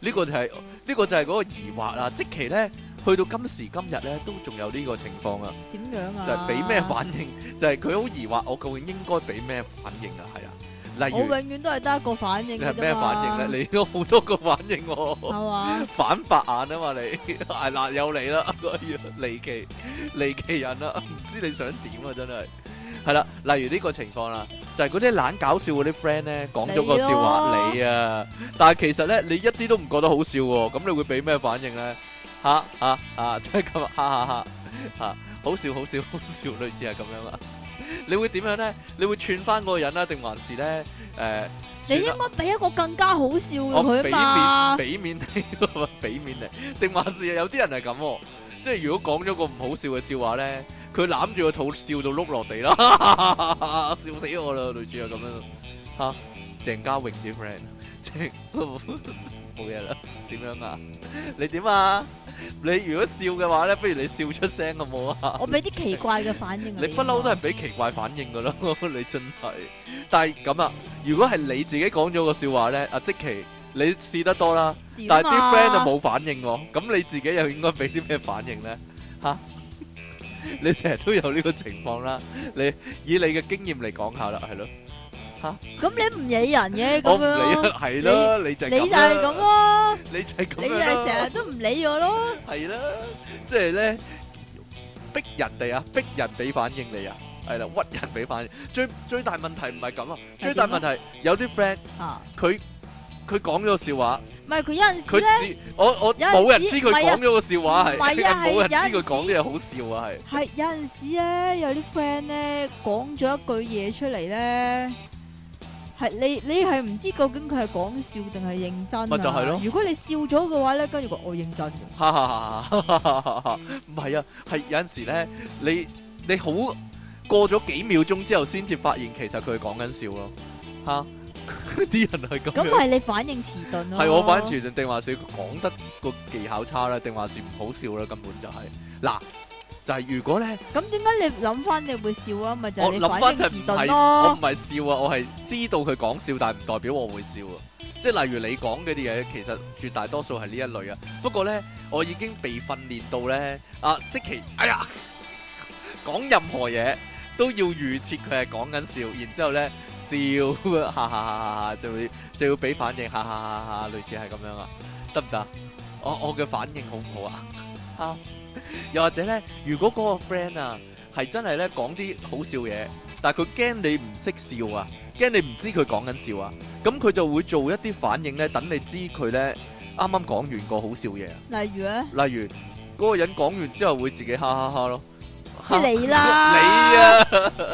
呢個就係呢個就係嗰個疑惑啊！即期咧去到今時今日咧，都仲有呢個情況啊？點樣啊？就係俾咩反應？就係佢好疑惑，我究竟應該俾咩反應啊？係啊。例如我永遠都係得一個反應，你係咩反應啊？你都好多個反應喎、哦，嗎 反白眼啊嘛，你係喇，有你啦，要 離來了 奇離奇人啦、啊，唔知你想點啊？真係係啦，例如呢個情況啦，就係嗰啲懶搞笑嘅啲 friend 咧，講咗個笑話你啊，但係其實咧，你一啲都唔覺得好笑喎、哦，咁你會俾咩反應咧？吓啊，吓，即係咁哈哈哈，吓好笑好笑好笑，好笑，類似係咁樣啊。你會點樣咧？你會串翻嗰個人咧、啊，定還是咧？誒、呃，你應該俾一個更加好笑嘅佢啊嘛。俾、哦、面俾面嚟，俾 面嚟？定還是有啲人係咁、啊？即係如果講咗個唔好笑嘅笑話咧，佢攬住個肚笑到碌落地啦，笑死我啦！類似又咁樣吓，鄭嘉穎啲 friend？即係冇嘢啦，點樣啊？你點啊？你如果笑嘅話咧，不如你笑出聲好唔好 啊？我俾啲奇怪嘅反應啊！你不嬲都係俾奇怪反應噶咯，你真係。但係咁啊，如果係你自己講咗個笑話咧，阿、啊、積淇你試得多啦，啊、但係啲 friend 就冇反應喎、啊。咁你自己又應該俾啲咩反應咧？吓， 你成日都有呢個情況啦。你以你嘅經驗嚟講下啦，係咯。咁你唔理人嘅咁樣，係咯，你就你就係咁咯，你就係咁咯，你就成日都唔理我咯，係啦，即係咧逼人哋啊，逼人俾反應你啊，係啦，屈人俾反應。最最大問題唔係咁啊，最大問題有啲 friend，佢佢講咗個笑話，唔係佢有陣時咧，我我冇人知佢講咗個笑話係，冇人知佢講啲嘢好笑啊係，係有陣時咧，有啲 friend 咧講咗一句嘢出嚟咧。係，你你係唔知究竟佢係講笑定係認真、啊、就係咯！如果你笑咗嘅話咧，跟住話我認真。哈唔係啊，係有陣時咧，你你好過咗幾秒鐘之後，先至發現其實佢講緊笑咯。吓、啊、啲 人係咁。咁係你反應遲鈍咯？係 我反應遲鈍，定還是講得個技巧差咧？定還是唔好笑咧？根本就係、是、嗱。就係如果咧，咁點解你諗翻你會笑啊？咪就係、是、你鬼咁遲鈍咯！我唔係笑啊，我係知道佢講笑，但係唔代表我會笑啊。即係例如你講嘅啲嘢，其實絕大多數係呢一類啊。不過咧，我已經被訓練到咧啊，即其哎呀，講任何嘢都要預設佢係講緊笑，然之後咧笑哈哈哈哈，就會就要俾反應哈哈哈哈，類似係咁樣啊，得唔得？我我嘅反應好唔好啊？好。 又或者咧，如果嗰個 friend 啊係真係咧講啲好笑嘢，但係佢驚你唔識笑啊，驚你唔知佢講緊笑啊，咁佢就會做一啲反應咧，等你知佢咧啱啱講完個好笑嘢。啊。例如啊，例如嗰、嗰個人講完之後會自己哈哈哈咯，你啦， 你啊，係 嗰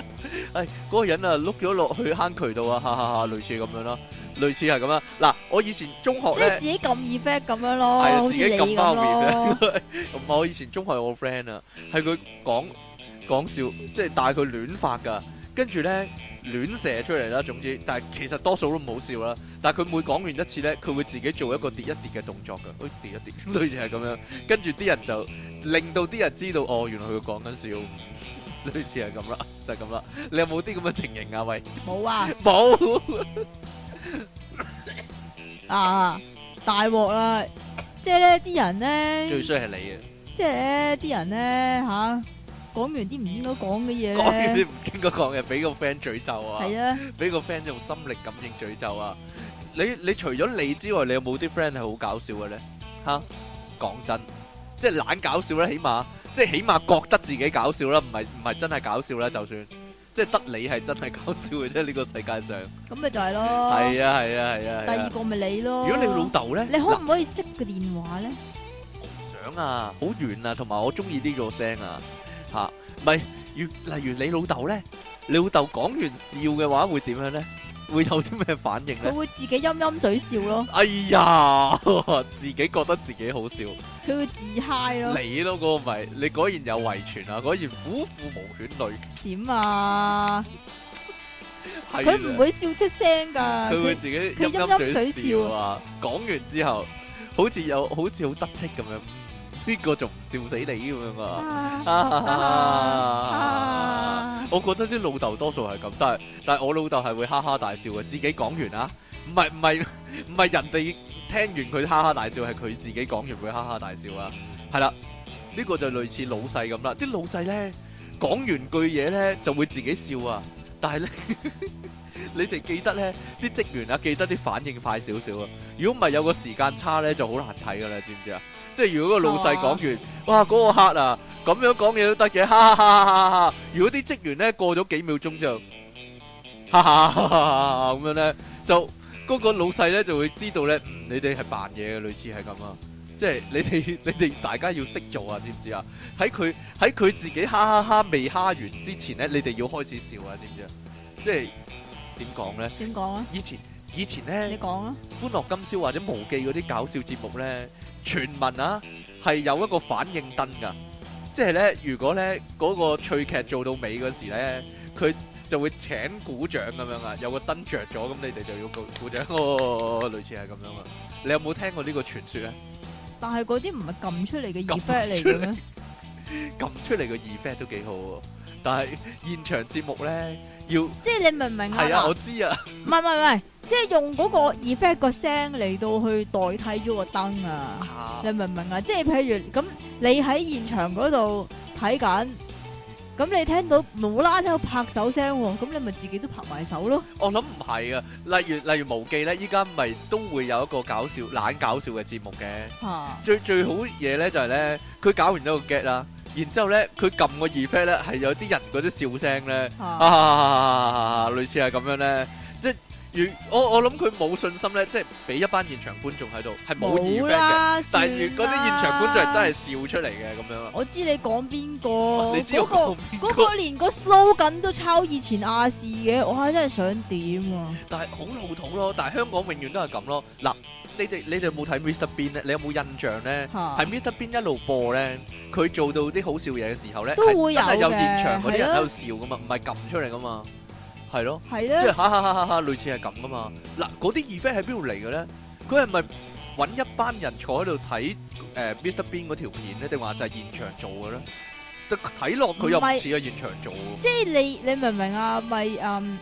哎嗰個人啊碌咗落去坑渠度啊哈，哈哈哈，類似咁樣咯。類似係咁樣，嗱，我以前中學即係自己撳二 fact 咁樣咯，好似你咁咯。唔係，我以前中學有個 friend 啊，係佢講講笑，即係但係佢亂發噶，跟住咧亂射出嚟啦。總之，但係其實多數都唔好笑啦。但係佢每講完一次咧，佢會自己做一個跌一跌嘅動作噶，好似跌一跌，類似係咁樣。跟住啲人就令到啲人知道哦，原來佢講緊笑，類似係咁啦，就係咁啦。你有冇啲咁嘅情形啊？喂，冇啊，冇。 啊！大鑊啦！即係咧，啲人咧最衰係你啊！即係啲人咧吓，講完啲唔應該講嘅嘢，講 完啲唔應該講嘅，俾個 friend 詛咒啊！係啊的！俾個 friend 用心靈感應詛咒啊！你你除咗你之外，你有冇啲 friend 係好搞笑嘅咧？吓、啊、講真，即係懶搞笑咧，起碼即係起碼覺得自己搞笑啦，唔係唔係真係搞笑啦，就算。即係得你係真係搞笑嘅啫，呢、這個世界上。咁咪就係咯。係 啊，係啊，係啊。啊第二個咪你咯。如果你老豆咧，你可唔可以識個電話咧？啦我唔想啊，好遠啊，同埋我中意呢個聲啊，吓、啊，咪，如例如你老豆咧，你老豆講完笑嘅話會點樣咧？會有啲咩反應咧？佢會自己陰陰嘴笑咯。哎呀， 自己覺得自己好笑。佢會自嗨 i 咯。你都我唔係，你果然有遺傳啊！果然虎父無犬女。點啊？佢唔 會笑出聲噶。佢 會自己佢陰陰嘴笑啊！講 完之後，好似有好似好得戚咁樣。呢個仲唔笑死你咁樣啊！我覺得啲老豆多數係咁，但係但係我老豆係會哈哈大笑嘅。自己講完啊，唔係唔係唔係人哋聽完佢哈哈大笑，係佢自己講完會哈哈大笑啊。係啦，呢個就類似老細咁啦。啲老細呢，講完句嘢呢就會自己笑啊。但係咧， 你哋記得呢啲職員啊，記得啲反應快少少啊。如果唔係有個時間差呢就好難睇噶啦，知唔知啊？即係如果個老細講完，啊、哇，嗰、那個客啊咁樣講嘢，都得嘅，哈、哈哈哈！如果啲職員咧過咗幾秒鐘就，哈哈哈咁樣咧，就嗰、那個老細咧就會知道咧、嗯，你哋係扮嘢嘅，類似係咁啊。即係你哋你哋大家要識做啊，知唔知啊？喺佢喺佢自己哈哈哈未哈完之前咧，你哋要開始笑啊，知唔知啊？即係點講咧？點講啊以？以前以前咧，你講啊！歡樂今宵或者無忌嗰啲搞笑節目咧。傳聞啊，係有一個反應燈噶，即係咧，如果咧嗰、嗰個趣劇做到尾嗰時咧，佢就會請鼓掌咁樣啊，有個燈着咗，咁你哋就要鼓鼓掌喎、哦，類似係咁樣啊。你有冇聽過呢個傳說咧？但係嗰啲唔係撳出嚟嘅 effect 嚟嘅咩？撳 出嚟嘅 effect 都幾好，但係現場節目咧要即係你明唔明啊？係啊，我知啊，唔係唔係唔係。即係用嗰個 effect 個聲嚟到去代替咗個燈啊！你明唔明啊？即係譬如咁，你喺現場嗰度睇緊，咁你聽到無啦啦聽到拍手聲，咁你咪自己都拍埋手咯。我諗唔係啊，例如例如毛記咧，依家咪都會有一個搞笑、懶搞笑嘅節目嘅。最最好嘢咧就係咧，佢搞完咗個 get 啦，然之後咧佢撳個 effect 咧，係有啲人嗰啲笑聲咧，啊類似係咁樣咧。如我我諗佢冇信心咧，即係俾一班現場觀眾喺度，係冇 effect 嘅。但係如嗰啲現場觀眾係真係笑出嚟嘅咁樣啊！知我知你講邊個？嗰個嗰個連個 slogan 都抄以前亞視嘅，我真係想點啊！但係好老土咯，但係香港永遠都係咁咯。嗱，你哋你哋冇睇 Mr. Bean 咧？你有冇印象咧？係哈 Mr. Bean 一路播咧，佢做到啲好笑嘢嘅時候咧，都會有嘅。係咯，真係有現場嗰啲喺度笑噶了嘛，唔係撳出嚟噶嘛。係咯，對即係哈哈哈哈類似係咁噶嘛。嗱，嗰啲 effect 喺邊度嚟嘅咧？佢係咪揾一班人坐喺度睇誒 Mr. Bean 嗰條片咧？定話就係現場做嘅咧？睇落佢又唔似係現場做。即係你你明唔明啊？咪嗯，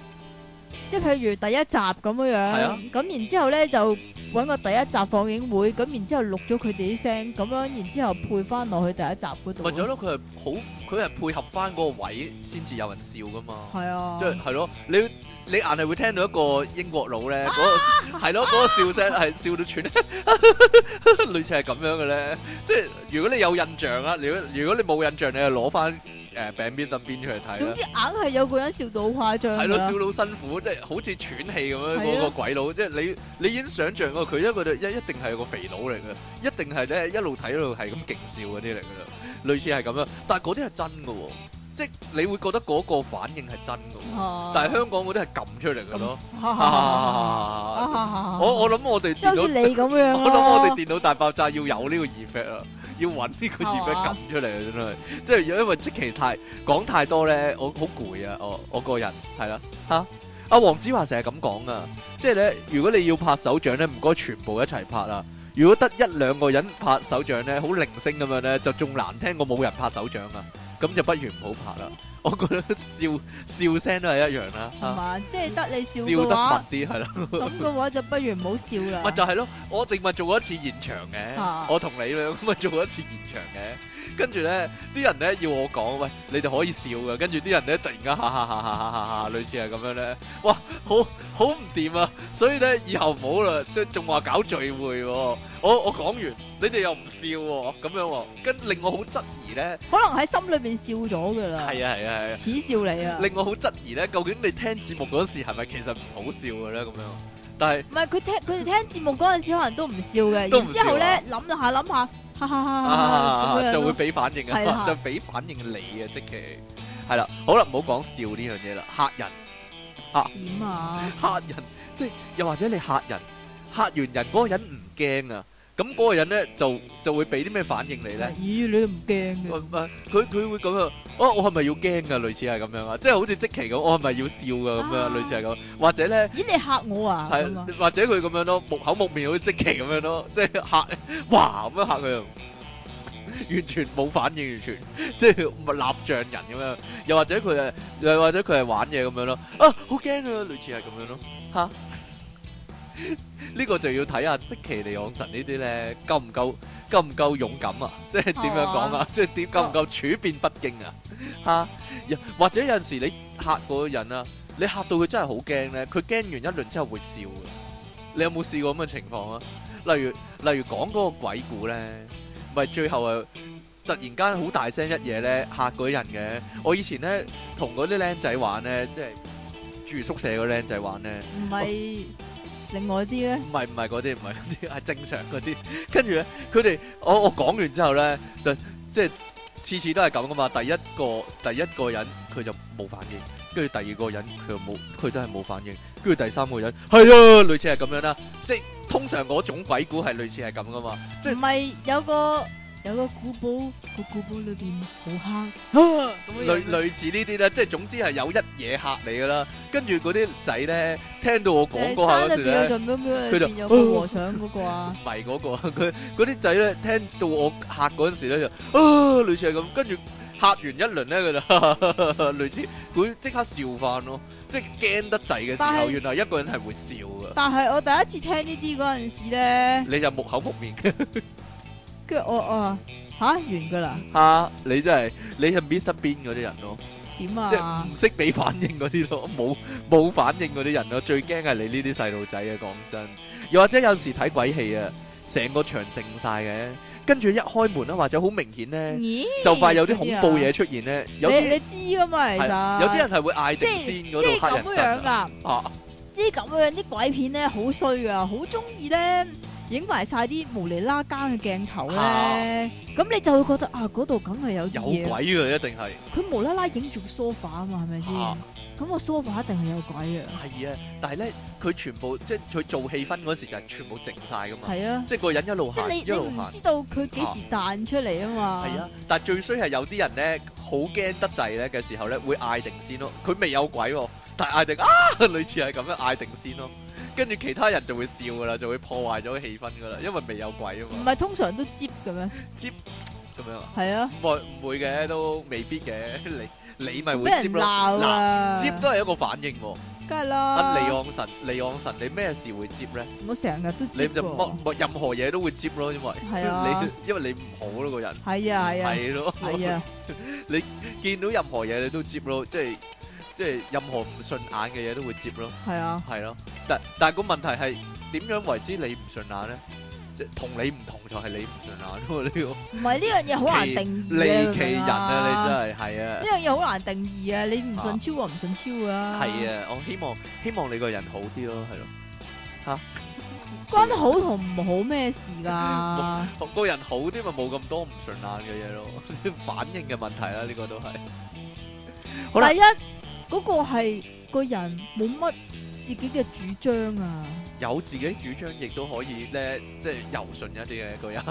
即係譬如第一集咁樣樣，咁、啊、然之後咧就。揾個第一集放映會，咁然之後錄咗佢哋啲聲，咁樣然之後配翻落去第一集嗰度。咪咗咯，佢係好，佢係配合翻嗰個位先至有人笑噶嘛。係啊，即係係咯，你你硬係會聽到一個英國佬咧，嗰、嗰個咯，嗰、啊嗰個、笑聲係笑到串， 類似係咁樣嘅咧。即、就、係、係、如果你有印象啊，如果如果你冇印象，你就攞翻。誒病邊等邊出嚟睇？總之硬係有個人笑到好誇張，係咯，笑到辛苦，即係好似喘氣咁樣嗰個鬼佬，即係你你已經想像過佢一個，一一定係個肥佬嚟嘅，一定係咧，一路睇一路係咁勁笑嗰啲嚟㗎啦，類似係咁啦。但係嗰啲係真嘅喎，即係你會覺得嗰個反應係真嘅，啊、但係香港嗰啲係撳出嚟㗎咯。我我諗 我哋即係好似你咁樣，我諗我哋電腦大爆炸要有呢個 effect 啊！要揾啲個節目撳出嚟啊！真係，即係因為即期太講太多咧，我好攰啊！我我個人係啦嚇，阿黃子華成日咁講啊，即係咧，如果你要拍手掌咧，唔該全部一齊拍啦、啊。如果得一兩個人拍手掌咧，好零星咁樣咧，就仲難聽過冇人拍手掌啊。咁就不如唔好拍啦。我覺得笑笑聲都係一樣啦，嚇、啊！即係得你笑，笑得密啲係咯。咁嘅話就不如唔好笑啦。咪 就係咯，我哋咪做過一次現場嘅，啊、我同你兩咁咪做過一次現場嘅。跟住咧，啲人咧要我講，喂，你哋可以笑嘅。跟住啲人咧突然間哈哈哈哈哈哈，類似係咁樣咧。哇，好好唔掂啊！所以咧，以後唔好啦，即係仲話搞聚會喎。我我講完，你哋又唔笑咁樣，跟令我好質疑咧。可能喺心裏面笑咗噶啦。係啊係啊係啊！恥笑你啊！令我好質疑咧，究竟你聽節目嗰時係咪其實唔好笑嘅咧？咁樣，但係唔係佢聽佢哋聽節目嗰陣時可能都唔笑嘅，然之後咧諗下諗下。 啊，就會俾反應啊， 就俾反應你啊，即係係啦，好啦，唔好講笑呢樣嘢啦，嚇人嚇點啊，啊嚇人即係、就是、又或者你嚇人嚇完人嗰、嗰個人唔驚啊。咁嗰個人咧就就會俾啲咩反應你咧？咦、哎，你都唔驚嘅？佢佢、啊啊、會咁樣。哦、啊，我係咪要驚嘅？類似係咁樣啊，即係好似積淇咁。我係咪要笑嘅咁樣？類似係咁。或者咧？咦，你嚇我啊？係。或者佢咁樣咯，木口木面好似積淇咁樣咯，即係嚇，哇咁樣嚇佢完全冇反應，完全即係立像人咁樣。又或者佢係又或者佢係玩嘢咁樣咯。啊，好驚啊！類似係咁樣咯，嚇、啊。呢 個就要睇下積淇離岸神呢啲咧，夠唔夠夠唔夠勇敢啊？即係點樣講啊？即係點夠唔夠處變不驚啊？吓，或者有陣時你嚇嗰人啊，你嚇到佢真係好驚咧，佢驚完一輪之後會笑嘅。你有冇試過咁嘅情況啊？例如例如講嗰個鬼故咧，唔係最後啊，突然間好大聲一嘢咧嚇嗰人嘅。我以前咧同嗰啲僆仔玩咧，即係住宿舍嗰僆仔玩咧，唔係是。另外啲咧？唔係唔係嗰啲，唔係嗰啲係正常嗰啲。跟住咧，佢哋我我講完之後咧，就即係次次都係咁㗎嘛。第一個第一個人佢就冇反應，跟住第二個人佢又冇，佢都係冇反應。跟住第三個人係啊，類似係咁樣啦。即係通常嗰種鬼故係類似係咁㗎嘛。即係唔係有個？有個古堡，個古堡裏邊好黑。類類似呢啲咧，即係總之係有一嘢嚇你噶啦。跟住嗰啲仔咧，聽到我講嗰下嗰時咧，佢就和尚嗰個啊，唔係嗰個啊。佢嗰啲仔咧聽到我嚇嗰陣時咧就，類似係咁。跟住嚇完一輪咧，佢就類似佢即刻笑翻咯，即係驚得滯嘅時候，原來一個人係會笑㗎。但係我第一次聽呢啲嗰陣時咧，你就木口木面。跟哦我我、uh, 完噶啦吓，你真係，你入邊失邊嗰啲人咯點啊？即係唔識俾反應嗰啲咯，冇冇反應嗰啲人咯，最驚係你呢啲細路仔啊，講真。又或者有時睇鬼戲啊，成個場靜晒嘅，跟住一開門啊，或者好明顯咧咦就快有啲恐怖嘢出現咧咦有啲些你，你知噶嘛，其實有啲人係會嗌邪仙嗰度嚇人真啊，即係咁樣啲鬼片咧好衰噶，好鍾意咧。影埋晒啲無厘啦更嘅鏡頭咧，咁，啊，你就會覺得啊，嗰度梗係有有鬼㗎，一定係。佢無啦啦影住 sofa 啊嘛，係咪先？咁個 sofa 一定係有鬼嘅。係啊，但係咧，佢全部即係佢做氣氛嗰時就全部靜晒㗎嘛。係啊，即係個人一路行你路行。唔知道佢幾時彈出嚟啊嘛？係啊，啊，但係最衰係有啲人咧，好驚得滯咧嘅時候咧，會嗌定先咯。佢未有鬼喎，但係嗌定啊， 類似係咁樣嗌定先咯。跟住其他人就會笑噶啦，就會破壞咗氣氛噶啦，因為未有鬼啊嘛。唔係通常都接嘅咩？接做咩啊？係啊，唔會唔會嘅都未必嘅。你你咪會接咯。鬧接都係一個反應喎。梗係啦。阿離岸神，離岸神，你咩事會接咧？唔好成日都接喎。你就任何嘢都會接咯，因為係啊，因為你唔好咯，個人係啊係啊，係咯係啊，你見到任何嘢你都接咯，即係。即係任何唔順眼嘅嘢都會接咯，係啊，係咯，但但個問題係點樣為之你唔順眼咧？即係同你唔同就係你唔順眼喎，呢個。唔係，呢樣嘢好難定義，離奇人啊！你真係係啊，呢樣嘢好難定義啊！你唔順超啊，唔順超啊！係啊，我希望希望你個人好啲咯，係咯，嚇關好同唔好咩事㗎？同個人好啲咪冇咁多唔順眼嘅嘢咯，反應嘅問題啦，呢個都係第一。嗰個係個人冇乜自己嘅主張啊，有自己主張亦都可以咧，即係柔順一啲嘅個人。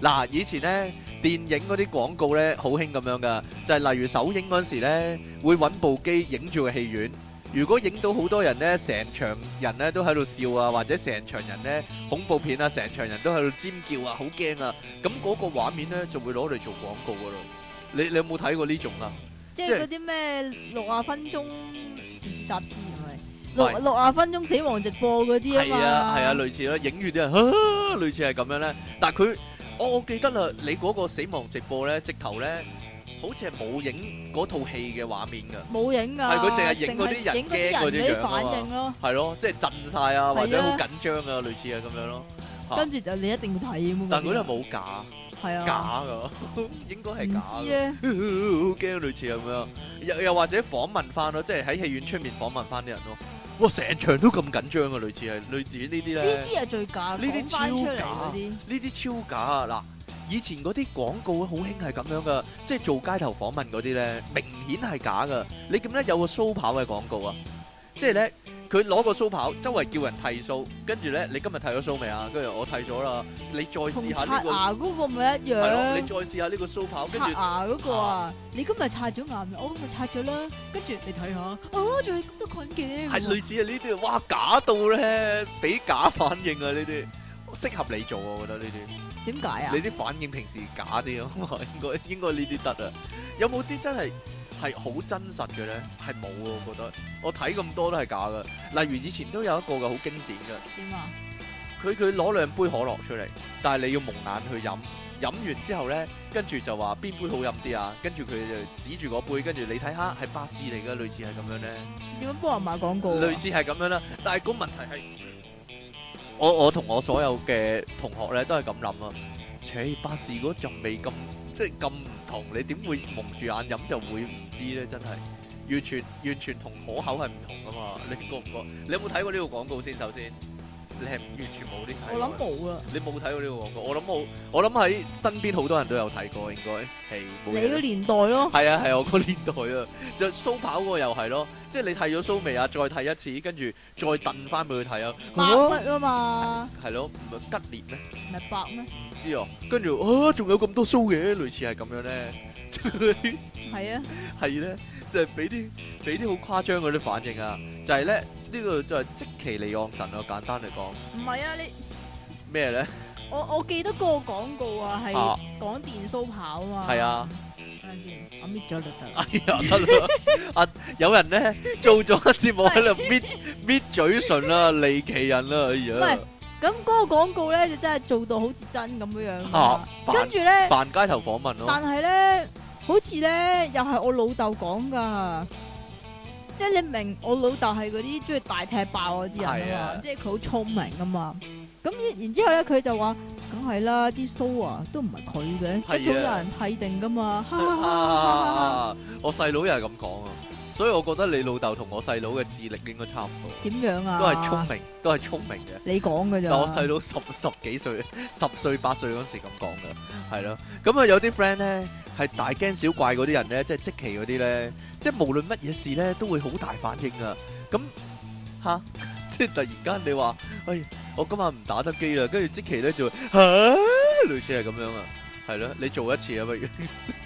嗱， 以前咧電影嗰啲廣告咧好興咁樣噶，就係例如首映嗰時咧會揾部機影住個戲院，如果影到好多人咧成場人咧都喺度笑啊，或者成場人咧恐怖片啊成場人都喺度尖叫啊好驚啊，咁嗰個畫面咧就會攞嚟做廣告噶啦。你你有冇睇過呢種啊？即係嗰啲咩六啊分鐘時事雜誌係咪？六六啊分鐘死亡直播嗰啲啊嘛，係啊係啊，類似咯，影完啲人，類似係咁樣咧。但係佢，我我記得啦，你嗰個死亡直播咧，直頭咧，好似係冇影嗰套戲嘅畫面㗎，冇影㗎，係佢淨係影嗰啲人影驚嗰啲反應樣啊，係咯，即係震晒啊，或者好緊張啊，類似係咁樣咯。跟住就你一定要睇啊嘛。但係佢都係冇假。係啊，假噶， 應該係假。唔知咧， 好驚，類似咁樣，又又或者訪問翻咯，即係喺戲院出面訪問翻啲人咯。哇，成場都咁緊張啊，類似係類似呢啲咧。呢啲係最假，講翻出嚟嗰啲。呢啲超假啊！嗱，以前嗰啲廣告好興係咁樣噶，即係做街頭訪問嗰啲咧，明顯係假噶。你記得有，有個蘇跑嘅廣告啊，即係咧。佢攞個鬚刨，周圍叫人剃鬚，跟住咧，你今日剃咗鬚未啊？跟住我剃咗啦，你再試一下呢個。同刷牙嗰個咪一樣。咯，你再試下呢個鬚刨，跟住。刷牙嗰個啊，你今日擦咗牙，我今日刷咗啦，跟住你睇下，哦，仲有咁多菌嘅。係類似啊，呢啲哇假到咧，俾假反應啊，呢啲適合你做啊，我覺得呢啲。點解啊？你啲反應平時假啲啊嘛，應該應該呢啲得啊，有冇啲真係？係好真實嘅咧，係冇嘅。我覺得我睇咁多都係假嘅。例如以前都有一個嘅好經典嘅。點啊？佢佢攞兩杯可樂出嚟，但係你要蒙眼去飲。飲完之後咧，跟住就話邊杯好飲啲啊？跟住佢就指住嗰杯，跟住你睇下係百事嚟嘅，類似係咁樣咧。點樣幫我賣廣告啊？類似係咁樣啦，但係個問題係，我我同我所有嘅同學咧都係咁諗啊。誒、欸，百事嗰陣味咁即係咁唔同，你點會蒙住眼飲就會？知咧真係完全完全同可口係唔同噶嘛？你覺唔覺？你有冇睇過呢個廣告先？首先。你係完全冇啲睇，我諗冇啊！你冇睇過呢個廣告，我諗好，我諗喺身邊好多人都有睇過，應該係你個年代咯。係啊，係我、啊個年代啊，就鬚刨嗰個又係咯，即係你剃咗鬚眉啊，再剃一次，跟住再燉翻俾佢睇啊，乜啊嘛。係咯，唔係吉列咩？唔係白咩？唔知哦。跟住啊，仲、啊啊啊、有咁多鬚嘅，類似係咁樣咧。係啊，係 咧、啊，即係俾啲俾啲好誇張嗰啲反應啊，就係、是、咧。呢個就係積淇離岸神咯，簡單嚟講。唔係啊，你咩咧？我我記得個廣告啊，係講電鬚刨啊嘛。係啊。我搣咗就得啦。哎呀，得啦。啊，有人咧做咗個節目喺度搣搣嘴唇啦，離奇人啦，哎呀。唔係，咁嗰個廣告咧就真係做到好似真咁樣樣。嚇！跟住咧。扮街頭訪問咯。但係咧，好似咧又係我老豆講㗎。即係你明，我老豆係嗰啲中意大踢爆嗰啲人是啊嘛，即係佢好聰明噶嘛。咁然之後咧，佢就話，梗係啦，啲 show 啊都唔係佢嘅，一早有人睇定噶嘛。我細佬又係咁講啊，所以我覺得你老豆同我細佬嘅智力應該差唔多。點樣啊？都係聰明，都係聰明嘅。你講嘅咋？我細佬十十幾歲，十歲八歲嗰時咁講嘅，係咯。咁啊有啲 friend 咧係大驚小怪嗰啲人咧，即係即，積淇嗰啲咧。即係無論乜嘢事咧，都會好大反應啊！咁吓，即係突然間你話，哎，我今晚唔打得機啦，跟住即期咧就會，吓、啊，類似係咁樣啊，係咯，你做一次啊不如？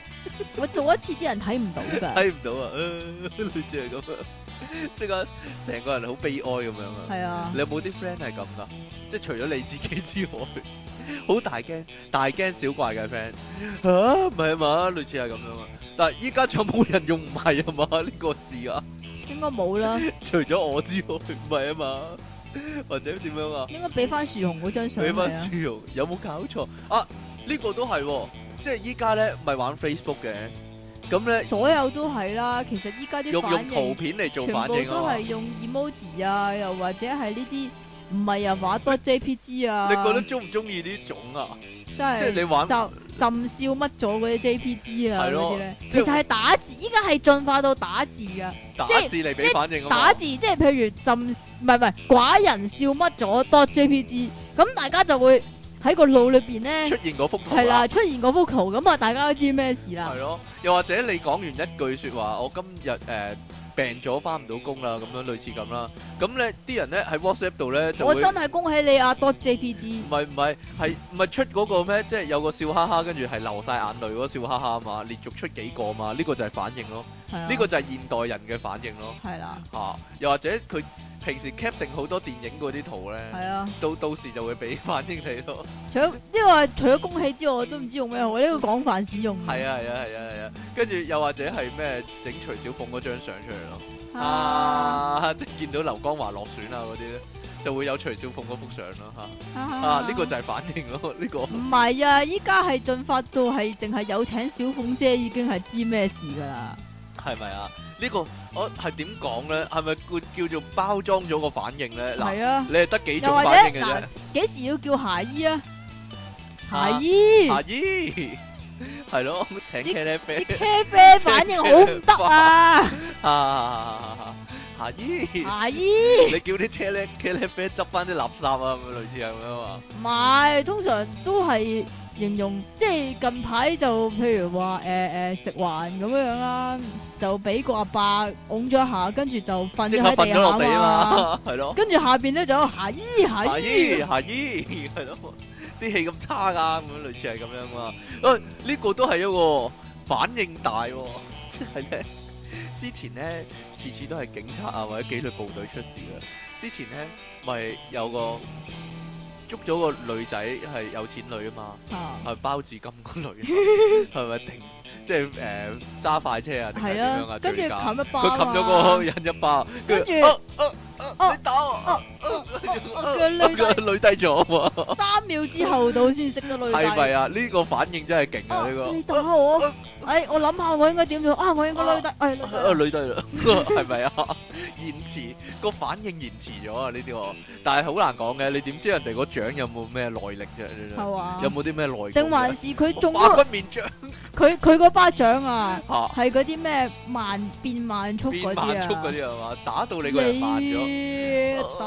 我做一次啲人睇唔到噶，睇唔 到啊，啊，類似係咁。即係成個人好悲哀咁樣啊！係啊，你有冇啲 friend 係咁噶？即係除咗你自己之外，好 大驚大驚小怪嘅 friend 吓？唔係啊嘛，類似係咁樣啊！但係依家仲有冇人用唔係啊嘛呢個字啊，應該冇啦。 除咗我之外唔係啊嘛， 或者點樣該樹樹啊？應該俾翻樹熊嗰張相俾翻樹熊，有冇搞錯啊？呢、這個都係，即係依家咧咪玩 Facebook 嘅。咁咧，所有都係啦。其實依家啲反應,圖片嚟做反應全部都係用 emoji 啊，又或者係呢啲唔係人話多 jpg 啊。你覺得鍾唔鍾意呢種啊？是即係即係你玩就朕笑乜咗嗰啲 jpg 啊？啲咯，呢其實係打字，依家係進化到打字㗎。打字嚟俾反應即。打字即係譬如朕唔係唔係，寡人笑乜咗多 jpg，咁大家就會。喺個腦裏邊咧，係啦，出現嗰幅圖咁啊！大家都知咩事啦。係咯，又或者你講完一句説話，我今日誒、呃、病咗，返唔到工啦，咁樣類似咁啦。咁咧啲人咧喺 WhatsApp 度咧，呢就我真係恭喜你啊！多 JPG、嗯。唔係唔係，係唔係出嗰個咩即係有個笑哈哈，跟住係流晒眼淚嗰笑哈哈嘛，連續出幾個嘛，呢、呢個就係反應咯。呢個就係現代人嘅反應咯。係啦。嚇、啊！又或者佢。平時 keep 定好多電影嗰啲圖咧，是啊、到到時就會俾反應你咯。 除咗呢個，除咗恭喜之外，我都唔知用咩，我、這、呢個廣泛使用。係啊係啊係啊係啊，跟住、啊啊啊、又或者係咩整徐小鳳嗰張相出嚟咯，即係見到劉江華落選啊嗰啲咧，就會有徐小鳳嗰幅相咯嚇。啊呢個就係反應咯，呢、這個。唔係啊，依家係進發到係淨係有請小鳳姐已經係知咩事㗎啦。係咪啊？呢個我係點講咧？係咪叫叫做包裝咗個反應咧？嗱，你係得幾種反應嘅啫。又或者，幾時要叫鞋醫啊？鞋醫，鞋醫，係咯，請茄喱啡。啲啲茄喱啡反應好唔得啊！啊，鞋醫，鞋醫，你叫啲茄喱茄喱啡執翻啲垃圾啊？係咪類似係咁啊？唔係，通常都係。形容即係近排就譬如話，誒誒食環咁樣樣啦，就俾個阿爸拱咗下，跟住就瞓咗喺地下嘛，係咯、啊。跟住下邊咧 就有下依下依下依，係咯，啲戲咁差噶，咁 類似係咁樣啊。啊、這、呢個都係一個反應大、啊，即係咧，之前咧次次都係警察啊或者紀律部隊出事啦。之前咧咪、就是、有個。捉咗個女仔係有錢女啊嘛，係、啊、包資金個女，係咪定即係誒揸快車啊？定係點樣啊？跟住冚一包啊，佢冚咗個印一包，跟住著。啊啊你打我，我嘅累低，累低咗三秒之後到先識到累低，係咪啊？呢個反應真係勁啊！呢個你打我，哎，我諗下我應該點做啊？我應該累低，哎，累低啦，係咪啊？延遲個反應延遲咗啊！呢啲我，但係好難講嘅，你點知人哋個掌有冇咩內力啫？係嘛？有冇啲咩內力？定還是佢中化骨綿掌佢佢巴掌啊，係嗰啲咩慢變慢速嗰啲啊？打到你個人慢咗。耶打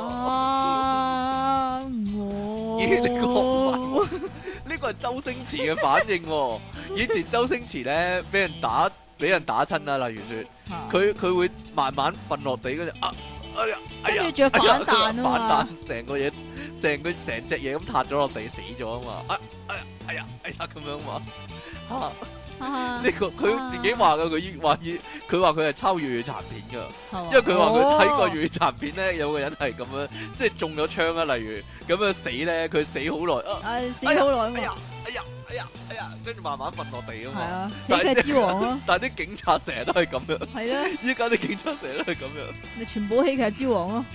我！呢個係周星馳嘅反應。以前周星馳咧，俾人打，俾人打親啦。例如說，佢佢會慢慢瞓落地嗰隻，哎呀哎呀，跟住著反彈啊嘛，成個嘢，成佢成隻嘢咁撻咗落地死咗啊嘛，哎呀哎呀哎呀咁樣嘛。呢個佢自己話噶，佢話佢話佢係抄粵語殘片噶，因為佢話佢睇過粵語殘片咧，有個人係咁樣，即係中咗槍啊，例如咁樣死咧，佢死好耐啊，死好耐啊，哎呀，哎呀，哎呀，跟住慢慢瞓落地啊嘛，係啊，喜劇之王咯，但係啲警察成日都係咁樣，係啊，依家啲警察成日都係咁樣，你全部喜劇之王咯。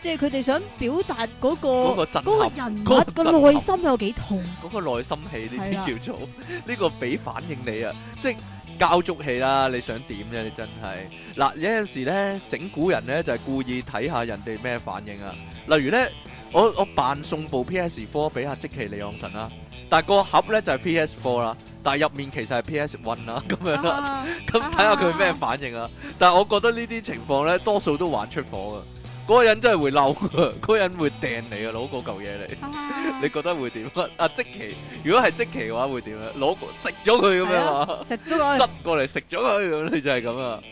即係佢哋想表達嗰個嗰個，個人物嘅內心有幾痛、啊。嗰 個內心戲呢啲叫做呢是、啊、 個俾反應你啊！即係交足戲啦，你想點啫、啊？你真係嗱有陣時咧整蠱人咧就係、是、故意睇下人哋咩反應啊！例如咧我我扮送部 P S Four 俾阿積淇離岸神啦，但係個盒咧就係 P S Four 啦，但係入面其實係 P S One 啦咁樣啦，咁睇下佢咩反應啊！但係我覺得況呢啲情況咧多數都玩出火噶。嗰個人真係會嬲，嗰個人會掟你啊，攞嗰嚿嘢嚟。啊、 你覺得會點啊？積淇，如果係積淇嘅話，會點啊？攞食咗佢咁樣啊？食咗佢，塞過嚟食咗佢咁樣，你就係咁啊！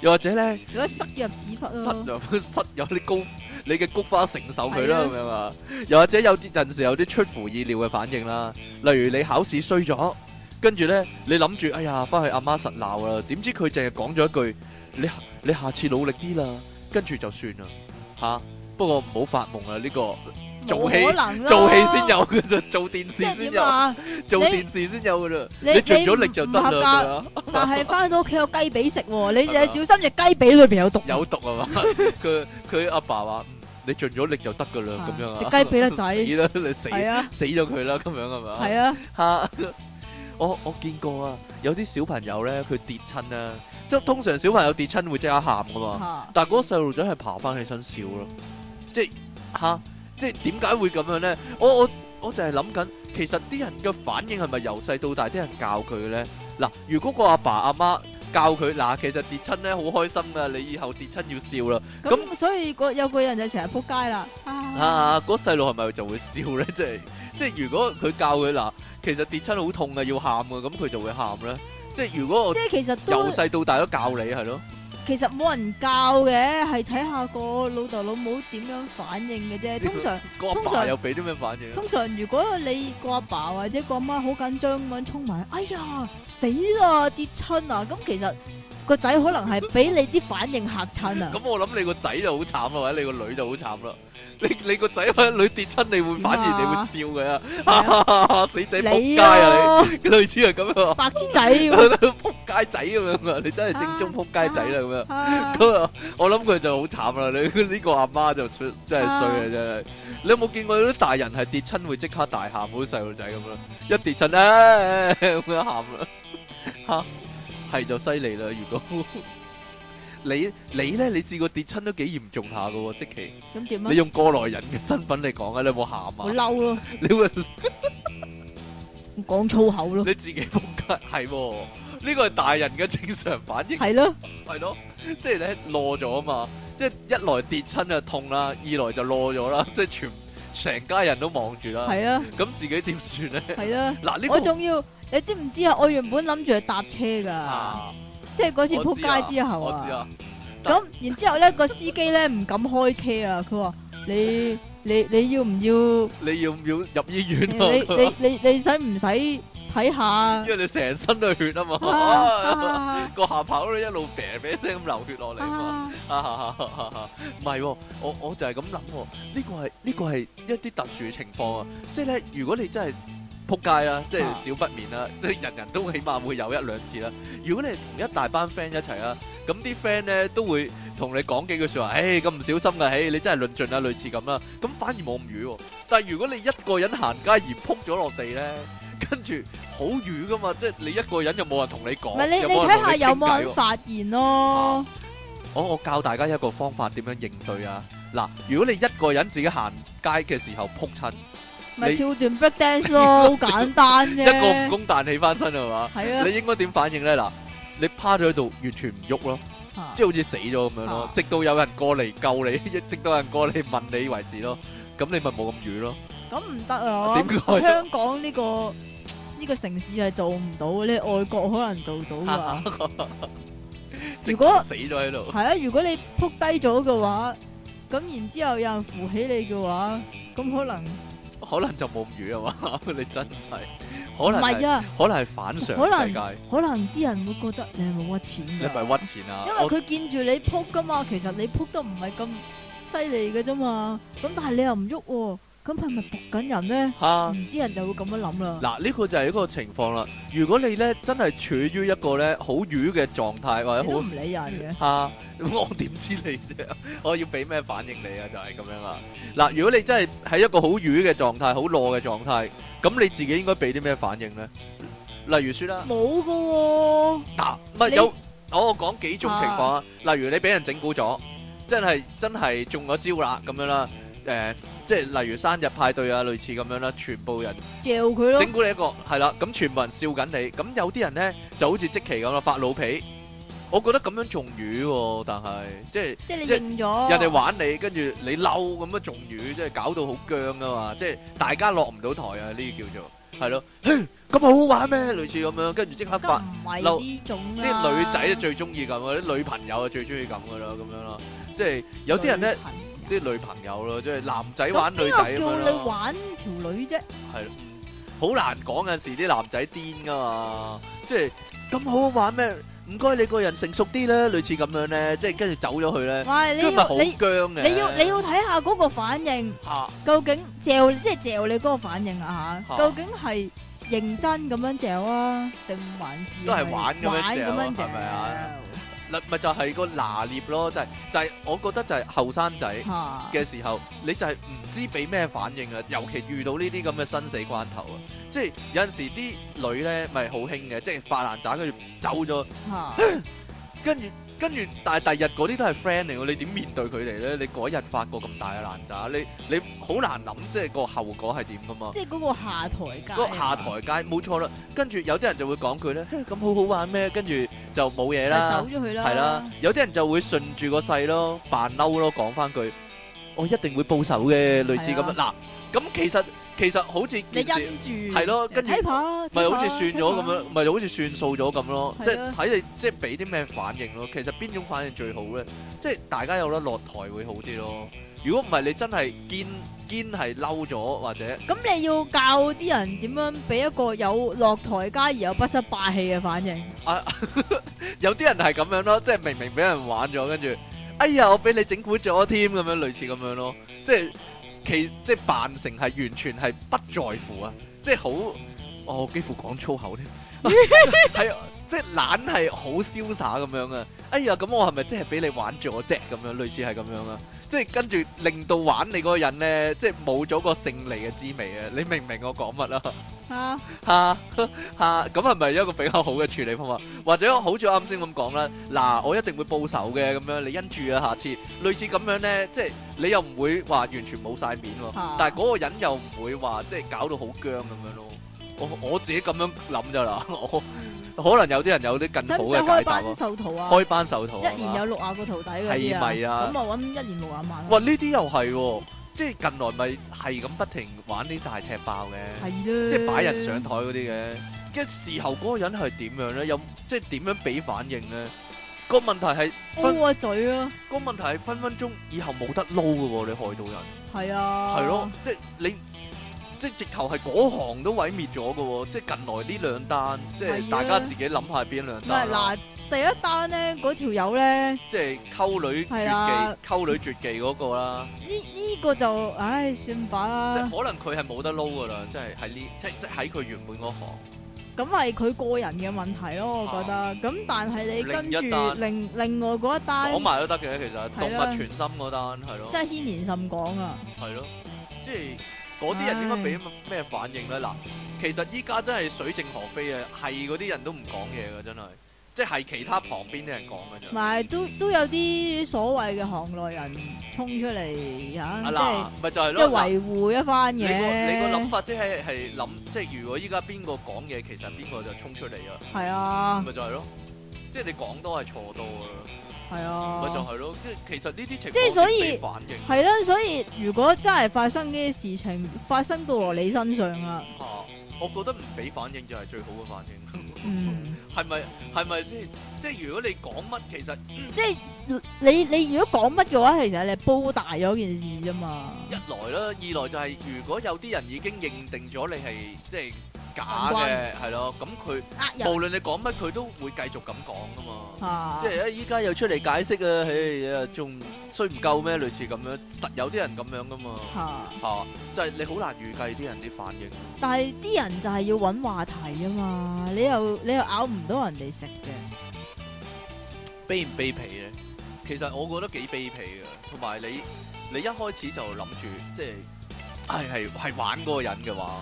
又或者咧，如果塞入屎忽塞入塞入啲谷，你嘅菊花承受佢啦咁樣啊！又 或者有啲陣時有啲出乎意料嘅反應啦，例如你考試衰咗，跟住咧你諗住哎呀，翻去阿媽實鬧啦，點知佢淨係講咗一句，你下你下次努力啲啦，跟住就算啦。吓！不過唔好發夢啦，呢個做戲做戲先有噶啫，做電視先有，做電視先有噶啦。你盡咗力就得啦。但係翻到屋企有雞髀食，你就小心隻雞髀裏邊有毒。有毒啊嘛！佢佢阿爸話，你盡咗力就得噶啦，咁樣食雞髀啦仔，死啦！你死死咗佢啦！咁樣係嘛？係啊！吓！我我見過啊，有啲小朋友咧，佢跌親啊。即係通常小朋友跌親會即刻喊噶嘛，啊、但係嗰個細路仔係爬翻起身笑咯，即係嚇、啊，即係點解會咁樣咧？我我我就係諗緊，其實啲人嘅反應係咪由細到大啲人教佢嘅咧？嗱、啊，如果個阿爸阿媽，媽教佢嗱、啊，其實跌親咧好開心啊。你以後跌親要笑啦。咁、嗯、那所以有個人就成日仆街啦。嚇、啊，嗰細路係咪就會笑咧？即係。即係如果佢教佢嗱，其實跌親好痛嘅，要喊嘅，咁佢就會喊啦。即係如果即係其實都由細到大都教你係咯。其實冇人教嘅，係睇下個老豆老母點樣反應嘅啫。通常，嗰個、爸爸通常有俾啲咩反應通？通常如果你個阿爸，爸或者個阿媽好緊張咁樣衝埋，哎呀死啦跌親啊！咁其實。個仔可能係俾你啲反應嚇親啊！咁、嗯、我諗你個仔就好慘啊，或者你個女就好慘啦。你你個仔或者女跌親，你會反應，你會笑佢啊，啊，啊！死仔仆街啊！你女仔又咁啊！咁樣白痴仔仆、啊、街仔咁樣啊！你真係正宗仆街仔啦咁啊！咁啊， 我諗佢就好慘啦。你呢個阿媽就真係衰啊！真係。你有冇見過有啲大人係跌親會即刻大喊好似細路仔咁啊？一跌親，哎，咁樣喊啦，吓、哎！哎哎哎哎哎哎 係就犀利啦！ 如果你你咧，你試過跌親都幾嚴重下噶喎，積淇，嗯，咁點啊，你用過來人嘅身份嚟講啊，你有冇喊啊？我會嬲咯！你會講粗口咯？你自己冇吉，係喎，呢個係大人嘅正常反應。係咯， 係咯，即係咧落咗啊嘛！即係一來跌親就痛啦，二來就落咗啦，即係全。成家人都望住啦，係啊，咁自己點算咧？係啊，嗱呢，我仲要，你知唔知啊？我原本諗住去搭車噶，即係嗰次扑街之後啊，咁然之後咧，個司機咧唔敢開車啊，佢話你你你要唔要？你要唔要入醫院？你你你你使唔使？睇下，因為你成身都係血啊嘛，個下巴都一路啤啤聲咁流血落嚟啊，唔係我我就係咁諗喎。呢個係呢個係一啲特殊嘅情況啊。即係咧，如果你真係仆街啊，即係少不免啦，即係人人都起碼會有一兩次啦。如果你同一大班 friend 一齊啦，咁啲 friend 咧都會同你講幾句説話，誒咁唔小心嘅，誒你真係論盡啊，類似咁啦，咁反而冇咁瘀喎。但係如果你一個人行街而仆咗落地咧。跟住好瘀噶嘛，即係你一個人又冇人同你講，唔係你你睇下有冇人發現咯？我我教大家一個方法點樣應對啊！嗱，如果你一個人自己行街嘅時候撲親，咪跳段 break dance 咯，好簡單啫。一個蜈蚣彈起翻身係嘛？係啊。你應該點反應咧？嗱，你趴咗喺度完全唔喐咯，即係好似死咗咁樣咯。直到有人過嚟救你，一直到有人過嚟問你為止咯，咁你咪冇咁瘀咯。咁唔得啊！點解香港呢個。呢個城市係做唔到嘅，你外國可能做到㗎。 如果 死咗喺度，係啊！如果你撲低咗嘅話，咁然之後有人扶起你嘅話，咁可能 可能就冇嘢啊嘛？你真係可能唔係啊？可能係反常可能，可能啲人會覺得你係冇屈錢㗎。你係咪屈錢啊？因為佢見住你撲㗎嘛， 其實你撲得唔係咁犀利嘅啫嘛。咁但係你又唔喐、啊。咁係咪仆緊人咧？吓、啊，啲人就會咁樣諗啦。嗱、啊，呢、這個就係一個情況啦。如果你咧真係處於一個咧好瘀嘅狀態或者好唔理人嘅吓，咁我點知你啫？我， 我要俾咩反應你啊？就係、是、咁樣啦。嗱、啊，如果你真係喺一個好瘀嘅狀態、好懦嘅狀態，咁你自己應該俾啲咩反應咧？例如說啦，冇噶。嗱，唔係有，我講幾種情況啊。例如你俾人整蠱咗，真係真係中咗招啦，咁樣啦。誒、呃。即係例如生日派對啊，類似咁樣啦，全部人照佢咯，整蠱你一個係啦，咁全部人笑緊你，咁有啲人咧就好似即期咁咯，發老脾，我覺得咁樣仲瘀，但係即係即係你認咗，人哋玩你，跟住你嬲咁樣仲瘀，即係搞到好僵吖嘛，即係大家落唔到台啊，呢啲叫做係咯，咁好玩咩？類似咁樣，跟住即刻發嬲，呢種啲女仔最中意咁，啲女朋友最中意咁噶啦，咁樣咯，即係有啲人咧。啲女朋友咯，即係男仔玩女仔啊嘛！點解叫你玩條女啫？係，好難講。有時啲男仔癲噶嘛，即係咁好玩咩？唔該，你個人成熟啲啦，類似咁樣咧，即係跟住走咗去咧。唔係，你唔係好僵嘅。你要你要睇下嗰個反應，究竟嚼即係嚼你嗰個反應啊嚇？究竟係認真咁樣嚼啊，定還是都係玩咁樣嚼啊？係咪啊？咪就係個拿捏咯，就係、係、就係、係、我覺得就係後生仔嘅時候， 你就係唔知俾咩反應啊，尤其遇到呢啲咁嘅生死關頭啊，即係有陣時啲女咧咪好興嘅，即係發爛渣，跟住走咗，跟住。跟住，但係第日嗰啲都係 friend 嚟喎，你點面對佢哋咧？你嗰日發個咁大嘅爛渣，你你好難諗，即係個後果係點噶嘛？即係嗰個下台階，嗰個下台階冇 錯啦。跟住有啲人就會講佢咧，咁、hey, 好好玩咩？跟住就冇嘢啦，走咗佢啦，係啦。有啲人就會順住個勢咯，扮嬲咯，講翻句，我一定會報仇嘅，類似咁樣嗱。咁其實。其實好似你忍住，係咯，跟住咪好似算咗咁樣，咪爬好似算數咗咁咯。即係睇你即係俾啲咩反應咯。其實邊種反應最好咧？即係大家有得落台會好啲咯。如果唔係你真係堅堅係嬲咗或者，咁你要教啲人點樣俾一個有落台加而又不失霸氣嘅反應？啊， 有啲人係咁樣咯，即係明明俾人玩咗，跟住哎呀，我俾你整蠱咗添咁樣，類似咁樣咯，即係。即其即係扮成係完全係不在乎啊！即係好，哦，我幾乎講粗口添。係啊。 即係懶係好瀟灑咁樣啊！哎呀，咁我係咪即係俾你玩咗啫？咁樣類似係咁樣啊？即係跟住令到玩你嗰個人咧，即係冇咗個勝利嘅滋味啊！你明唔明我講乜啊？吓吓吓！咁係咪一個比較好嘅處理方法？或者好似啱先咁講啦？嗱，我一定會報仇嘅，咁樣你因住啊，下次類似咁樣咧，即係你又唔會話完全冇晒面喎，啊、但係嗰個人又唔會話即係搞到好僵咁樣咯。我我自己咁樣諗咋啦？我。 可能有啲人有啲更好嘅開班授徒啊！開班授徒、開班授徒啊、一年有六廿個徒弟嘅，係咪啊？咁我揾一年六廿萬。喂，呢啲又係，即係近來咪係咁不停玩啲大踢爆嘅的，即係擺人上台嗰啲嘅。跟住事後嗰個人係點樣咧？有即係點樣俾反應咧？個問題係，烏個嘴咯、啊。個問題係分分鐘以後冇得撈嘅喎、啊，你害到人。係啊的。係咯，即係你。即係直頭係嗰行都毀滅咗嘅喎！即係近來呢兩單，即係大家自己諗下邊兩單。嗱，第一單咧，嗰條友咧，即係溝女絕技，溝的女絕技嗰個啦。呢呢、這個就唉算吧啦。即可能佢係冇得撈嘅啦，即係喺呢，即即喺佢原本嗰行。咁係佢個人嘅問題咯，我覺得。咁、啊、但係你跟住另另外嗰一單,一單講埋都得嘅，其實的動物傳心嗰單係咯。即係牽連甚廣啊！係、嗯、咯，即係。嗯嗯嗰啲人點解俾乜咩反應咧？嗱，其實依家真係水靜河飛啊，係嗰啲人都唔講嘢嘅，真係即係其他旁邊啲人講嘅啫。唔係都都有啲所謂嘅行內人衝出嚟嗱，咪就係咯，即係維護一番嘢。你個你個諗法即係係諗，即係如果依家邊個講嘢，其實邊個就衝出嚟啊？係啊，咪就係咯，即係你講多係錯多啊。係是啊，就是就是，咪就係咯，即係其實呢啲情況，即係所以反應係啦、啊，所以如果真係發生呢啲事情，發生到落你身上啊，我覺得唔俾反應就係最好嘅反應嗯 是是。嗯，係咪係咪先？即係如果你講乜，其實即係你你如果講乜嘅話，其實你係煲大咗件事啫嘛。一來啦，二來就係如果有啲人已經認定咗你係即係。假嘅係咯，咁佢無論你講乜佢都會繼續咁講噶嘛，即係依家又出嚟解釋啊，唉，仲衰唔夠咩？類似咁樣，實有啲人咁樣噶嘛，吓、啊，即係、就是、你好難預計啲人啲反應。但係啲人就係要揾話題啊嘛，你又你又咬唔到人哋食嘅，卑唔卑鄙咧？其實我覺得幾卑鄙嘅，同埋你你一開始就諗住即係係係玩嗰個人嘅話。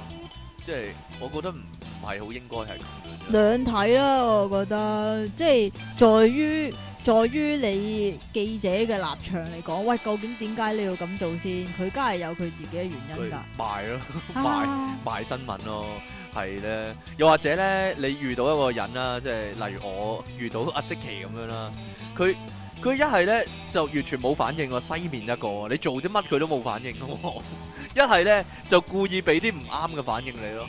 即係我覺得唔唔係好應該係咁樣。兩睇啦，我覺得即係、就是、在於在於你記者嘅立場嚟講，喂，究竟點解你要咁做先？佢梗係有佢自己嘅原因㗎，嗯。賣咯，賣、ah. 賣，賣新聞咯，係咧。又或者咧，你遇到一個人啦，即、就、係、是、例如我遇到阿積淇咁樣啦，佢佢一係咧就完全冇反應喎，西面一個，你做啲乜佢都冇反應㗎一係咧就故意俾啲唔啱嘅反應你咯，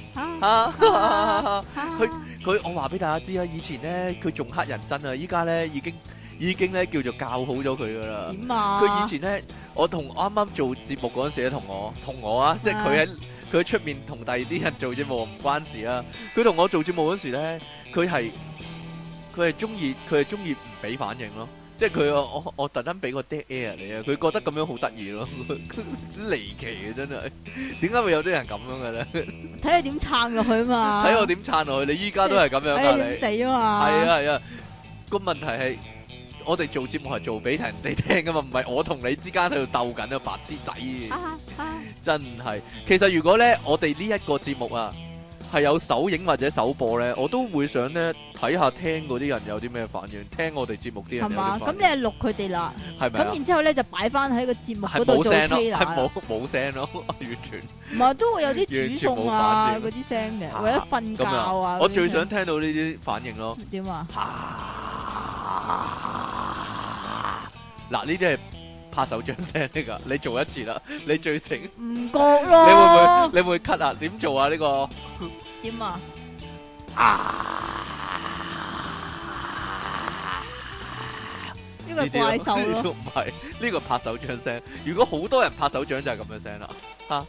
佢佢我話俾大家知啊，以前咧佢仲黑人憎啊，依家咧已經已經咧叫做教好咗佢噶啦。點啊？佢以前咧，我同啱啱做節目嗰陣時咧，同我同我、就是、啊，即係佢喺佢喺出面同第二啲人做節目唔關事啊。佢同我做節目嗰時咧，佢係佢係中意佢係中意唔俾反應咯。即係佢我我特登俾個 dead air 你啊，佢覺得咁樣好得意咯， 離奇啊真係，點解會有啲人咁樣嘅咧？睇下點撐落去啊嘛！睇 我點撐落去，你依家都係咁樣啊！死啊嘛！係啊係啊，個、啊、問題係我哋做節目係做俾人哋聽噶嘛，唔係我同你之間喺度鬥緊啊白痴仔！啊啊、 真係其實如果咧，我哋呢一個節目啊～係有首映或者首播咧，我都會想咧睇下聽嗰啲人有啲咩反應，聽我哋節目啲人有啲咩反應。係嘛？咁、嗯、你係錄佢哋啦，係咪吧？咁然之後咧就擺翻喺個節目嗰度做 background，冇冇聲咯，咯，完全。唔係都會有啲煮餸啊嗰啲品聲嘅，或者瞓覺啊。啊啊我最想聽到呢啲反應咯。點啊？嗱呢啲係。拍手掌聲呢個，你做一次啦，你最醒。唔覺咯。你會唔會，你會咳啊？點做啊？呢個點啊？啊，呢個怪獸唔係，呢個拍手掌聲。如果好多人拍手掌就係咁嘅聲啦。吓，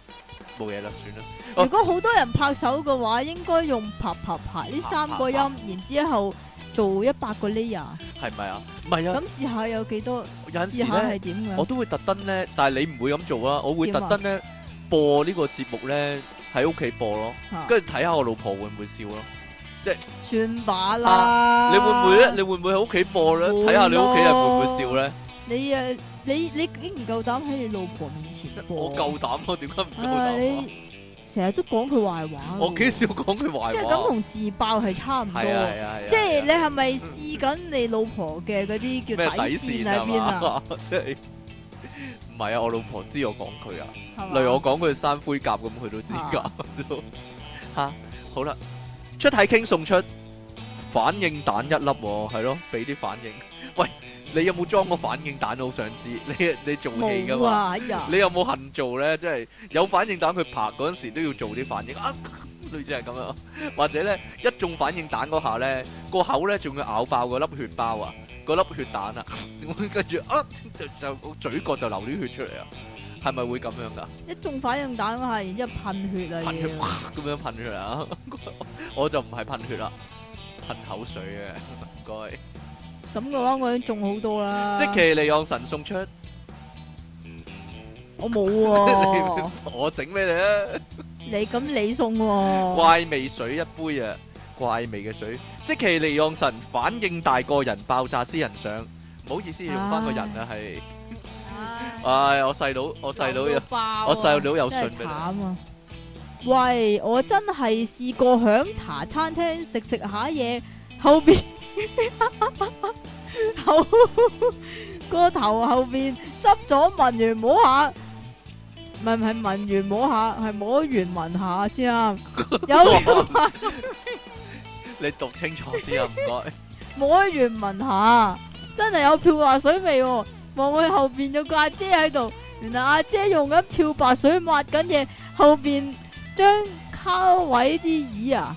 冇嘢啦，算啦。如果好多人拍手嘅話，應該用拍拍拍呢三個音，然之後做一百個 layer。係咪啊？唔係啊。咁試下有幾多？有時咧，試試我都會特登咧，但係你唔會咁做啦。我會特登咧播呢個節目咧，喺屋企播咯，跟住睇下我老婆會唔會笑咯，即係算把啦、啊。你會唔會咧？你會唔會喺屋企播咧？睇下你屋企人會唔會，會笑咧、啊？你誒，你你已經唔夠膽喺你老婆面前播，我夠膽啊？點解唔夠膽、啊啊成日都講佢壞話，我幾少講佢壞話。即係咁同自爆係差唔多，啊啊啊、即係是、啊啊、你係咪試緊你老婆嘅嗰啲叫咩底線喺邊啊？即係唔係啊？我老婆知我講佢啊，吧例如我講佢山灰甲咁，佢都知㗎都。嚇、啊 啊，好啦，出體 king 送出反應彈一粒、哦，係咯，俾啲反應。喂！你有冇裝個反應彈？我好想知你你做戲噶嘛？哎、你有冇恨做咧？即、就、係、是、有反應彈佢爬嗰陣時都要做啲反應啊！類似係咁樣，或者咧一中反應彈嗰下咧個口咧仲要咬爆個粒血包啊！個粒血彈啊！跟住啊就就嘴角就流啲血出嚟啊！係咪會咁樣噶？一中反應彈嗰下，然之後噴血啊！噴血咁 樣噴出嚟啊！ 我就唔係噴血啦，噴口水啊。唔 該。 咁嘅話，我已經中好多啦。積淇離岸神送出，我冇啊！我整俾你啊！你咁你送怪味水一杯啊！怪味嘅水，積淇離岸神反應大過人，爆炸私人相，唔好意思用翻個人啊係。唉，我細佬，我細佬又，我細佬又信俾你。喂，我真係試過響茶餐廳食食下嘢，後邊。好！個 頭，頭後邊濕咗，聞完摸下，唔係唔係聞完摸下，係摸完聞下先啊！有漂白水你讀清楚啲啊！唔該， 摸完聞下，真係有漂白水味哦！望去後邊有個阿姐喺度，原來阿姐用緊漂白水抹緊嘢，後邊張卡位啲椅啊！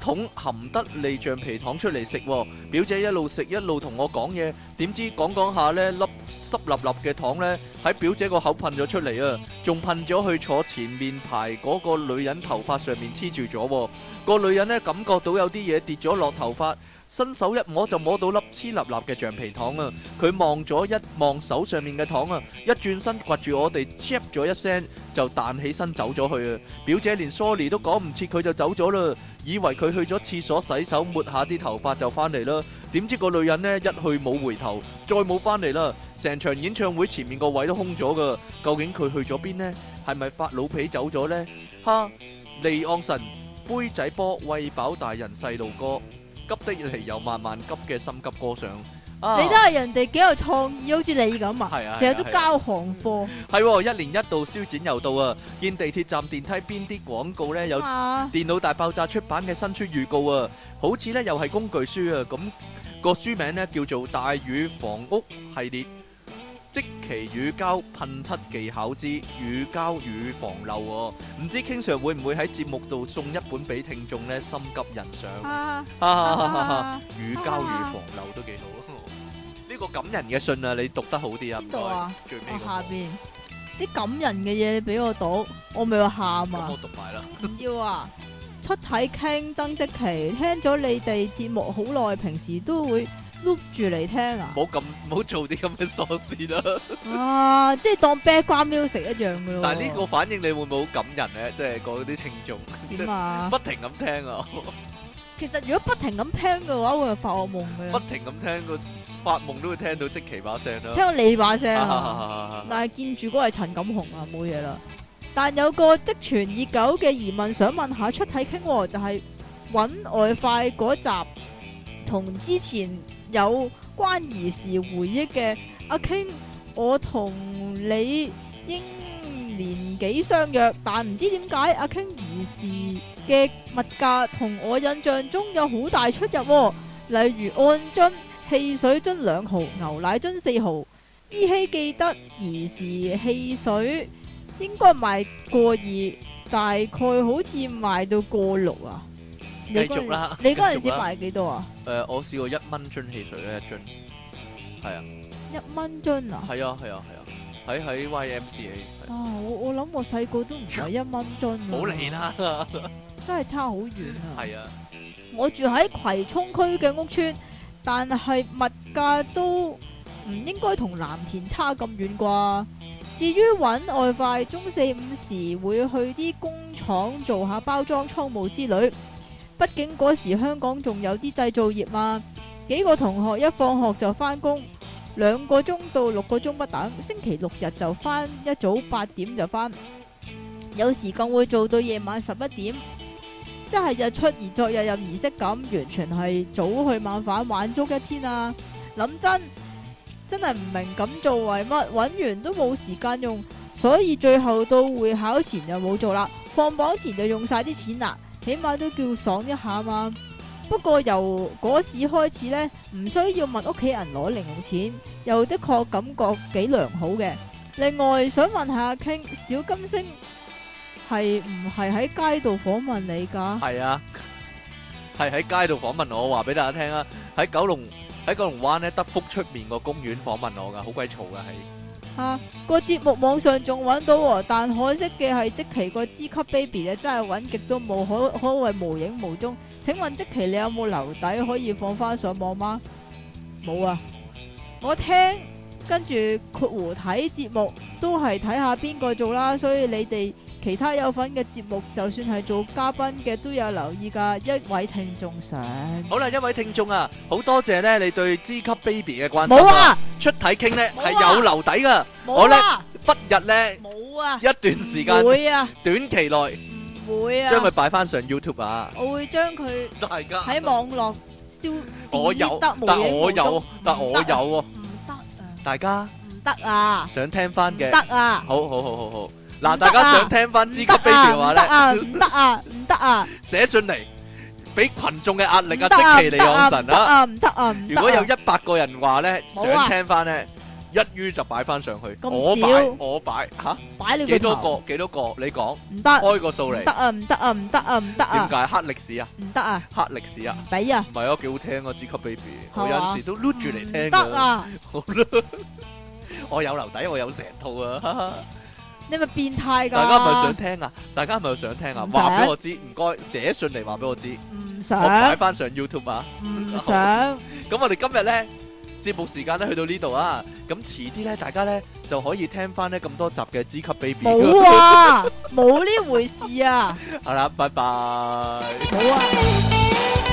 桶含得利橡皮糖出嚟食，表姐一路食一路同我講嘢，點知講講下呢，粒濕粒粒嘅糖呢，喺表姐個口噴咗出嚟啊，仲噴咗去坐前面排嗰個女人頭髮上面黐住咗，個女人呢，感覺到有啲嘢跌咗落頭髮。伸手一摸就摸到粒黐立立嘅橡皮糖啊！佢望咗一望手上面嘅糖啊，一轉身摑住我哋，zap 咗一聲就彈起身走咗去啊！表姐連 sorry 都講唔切，佢就走咗啦。以為佢去咗廁所洗手抹下啲頭髮就翻嚟啦，點知個女人呢一去冇回頭，再冇翻嚟啦！成場演唱會前面個位都空咗噶，究竟佢去咗邊呢？係咪發老脾走咗呢？哈！利安神杯仔波喂飽大人細路哥。急得嚟又慢慢急嘅心急歌上，你睇下人哋幾有創意，好似你咁啊！成日都交行貨。係一年一度書展又到啊！見地鐵站電梯邊啲廣告咧，有電腦大爆炸出版嘅新書預告啊！好似咧又係工具書啊，咁個書名咧叫做《大雨房屋》系列。即期乳膠噴漆技巧之乳膠乳防漏、哦，唔知經常會唔會喺節目度送一本俾聽眾咧？心急人上，乳膠乳防漏都幾、啊啊、好呢 個感人嘅信啊，你讀得好啲啊，唔該、啊。煩最下邊啲感人嘅嘢俾我讀，我咪話喊啊！我讀埋啦。 要啊，出體傾曾即期，聽咗你哋節目好耐，平時都會。loop 住嚟聽啊！唔好咁，唔好做啲咁嘅傻事啦！啊，即係當 bad gram music 一樣嘅咯。但係呢個反應你會唔會好感人咧？即係嗰啲聽眾點啊？不停咁聽啊！其實如果不停咁聽嘅話，會係發噩夢嘅。不停咁聽個發夢都會聽到即奇把聲啦。聽到你把聲啊！但係見住嗰個係陳錦鴻啊，冇嘢啦。但有個積存已久嘅疑問想問下出體 king，就係揾外快嗰集同之前。有關兒時回憶嘅阿 king，我同你應年紀相約，但唔知點解阿 king 兒時嘅物價同我印象中有好大出入喎，例如按樽汽水樽兩毫，牛奶樽四毫。依稀記得兒時汽水應該賣過二，大概好似賣到過六啊。繼續啦！你嗰陣時買幾多啊？誒、呃，我試過一蚊樽汽水咧，一樽係啊，一蚊樽啊，係啊，係啊，係啊，喺喺、啊、Y M C A、啊。啊，我我諗我細個都唔係一蚊樽 年啊，冇理啦，真係差好遠啊。係啊，我住喺葵涌區嘅屋村，但係物價都唔應該同藍田差咁遠啩。至於揾外快，中四五時會去啲工廠做下包裝倉務之類。畢竟嗰時香港仲有啲製造業嘛，幾個同學一放學就返工，兩個鐘到六個鐘不等。星期六日就返，一早八點就返。有時更會做到夜晚十一點，即係日出而作，日入而息咁，完全係早去晚返，玩足一天啊！諗真真係唔明咁做為乜，搵完都冇時間用，所以最後到會考前就冇做啦，放榜前就用晒啲錢啦。起碼都叫爽一下嘛。不過由嗰時開始呢，唔需要問屋企人攞零用錢，又的確感覺幾良好嘅。另外想問下阿 King，小金星係唔係喺街度訪問你噶？係啊，係喺街度訪問我，話俾大家聽啊。喺九龍喺九龍灣咧，德福出面個公園訪問我噶，好鬼嘈噶係。個節目網上仲揾到，但可惜嘅係積淇個支級 baby 咧，真係揾極都冇，可可謂無影無蹤。請問積淇你有冇留底可以放翻上網嗎？冇啊，我聽跟住括弧睇節目，都係睇下邊個做啦，所以你哋。其他有份嘅節目，就算係做嘉賓嘅都有留意噶。一位聽眾想，好啦，一位聽眾啊，好多謝咧你對 G 級 Baby 嘅關心啊！出體傾咧係有留底噶，我咧不日咧一段時間，短期內，將佢擺翻上 YouTube 啊！我會將佢大家喺網絡消，我有，但係我有，但係我有，唔得啊！大家唔得啊！想聽翻嘅，得啊！好好好好好。嗱，大家想聽翻《Ziggy Baby》話咧？唔得啊！唔得啊！唔得啊！寫信嚟，俾群眾嘅壓力啊！積淇離岸神啊！唔得啊！如果有一百個人話咧，想聽翻咧，一於就擺翻上去。我少？我擺？吓？擺幾多個？幾多個？你講？唔得？開個數嚟？唔得啊！唔得啊！唔得啊！唔得啊！點解黑歷史啊？唔得啊！黑歷史啊！俾啊！咪咯，幾好聽啊《Ziggy Baby》，我有時都碌住嚟聽。得好啦，我有樓底，我有成套啊！你咪變態噶！大家咪想聽啊！大家咪想聽啊！話俾我知，唔該寫信嚟話俾我知。唔想。我擺翻上 YouTube 啊！唔想。咁我哋今日咧節目時間咧去到呢度啊！咁遲啲咧大家咧就可以聽翻咧咁多集嘅《Z 級 Baby》。冇啊！冇呢回事啊！好啦，拜拜。好啊！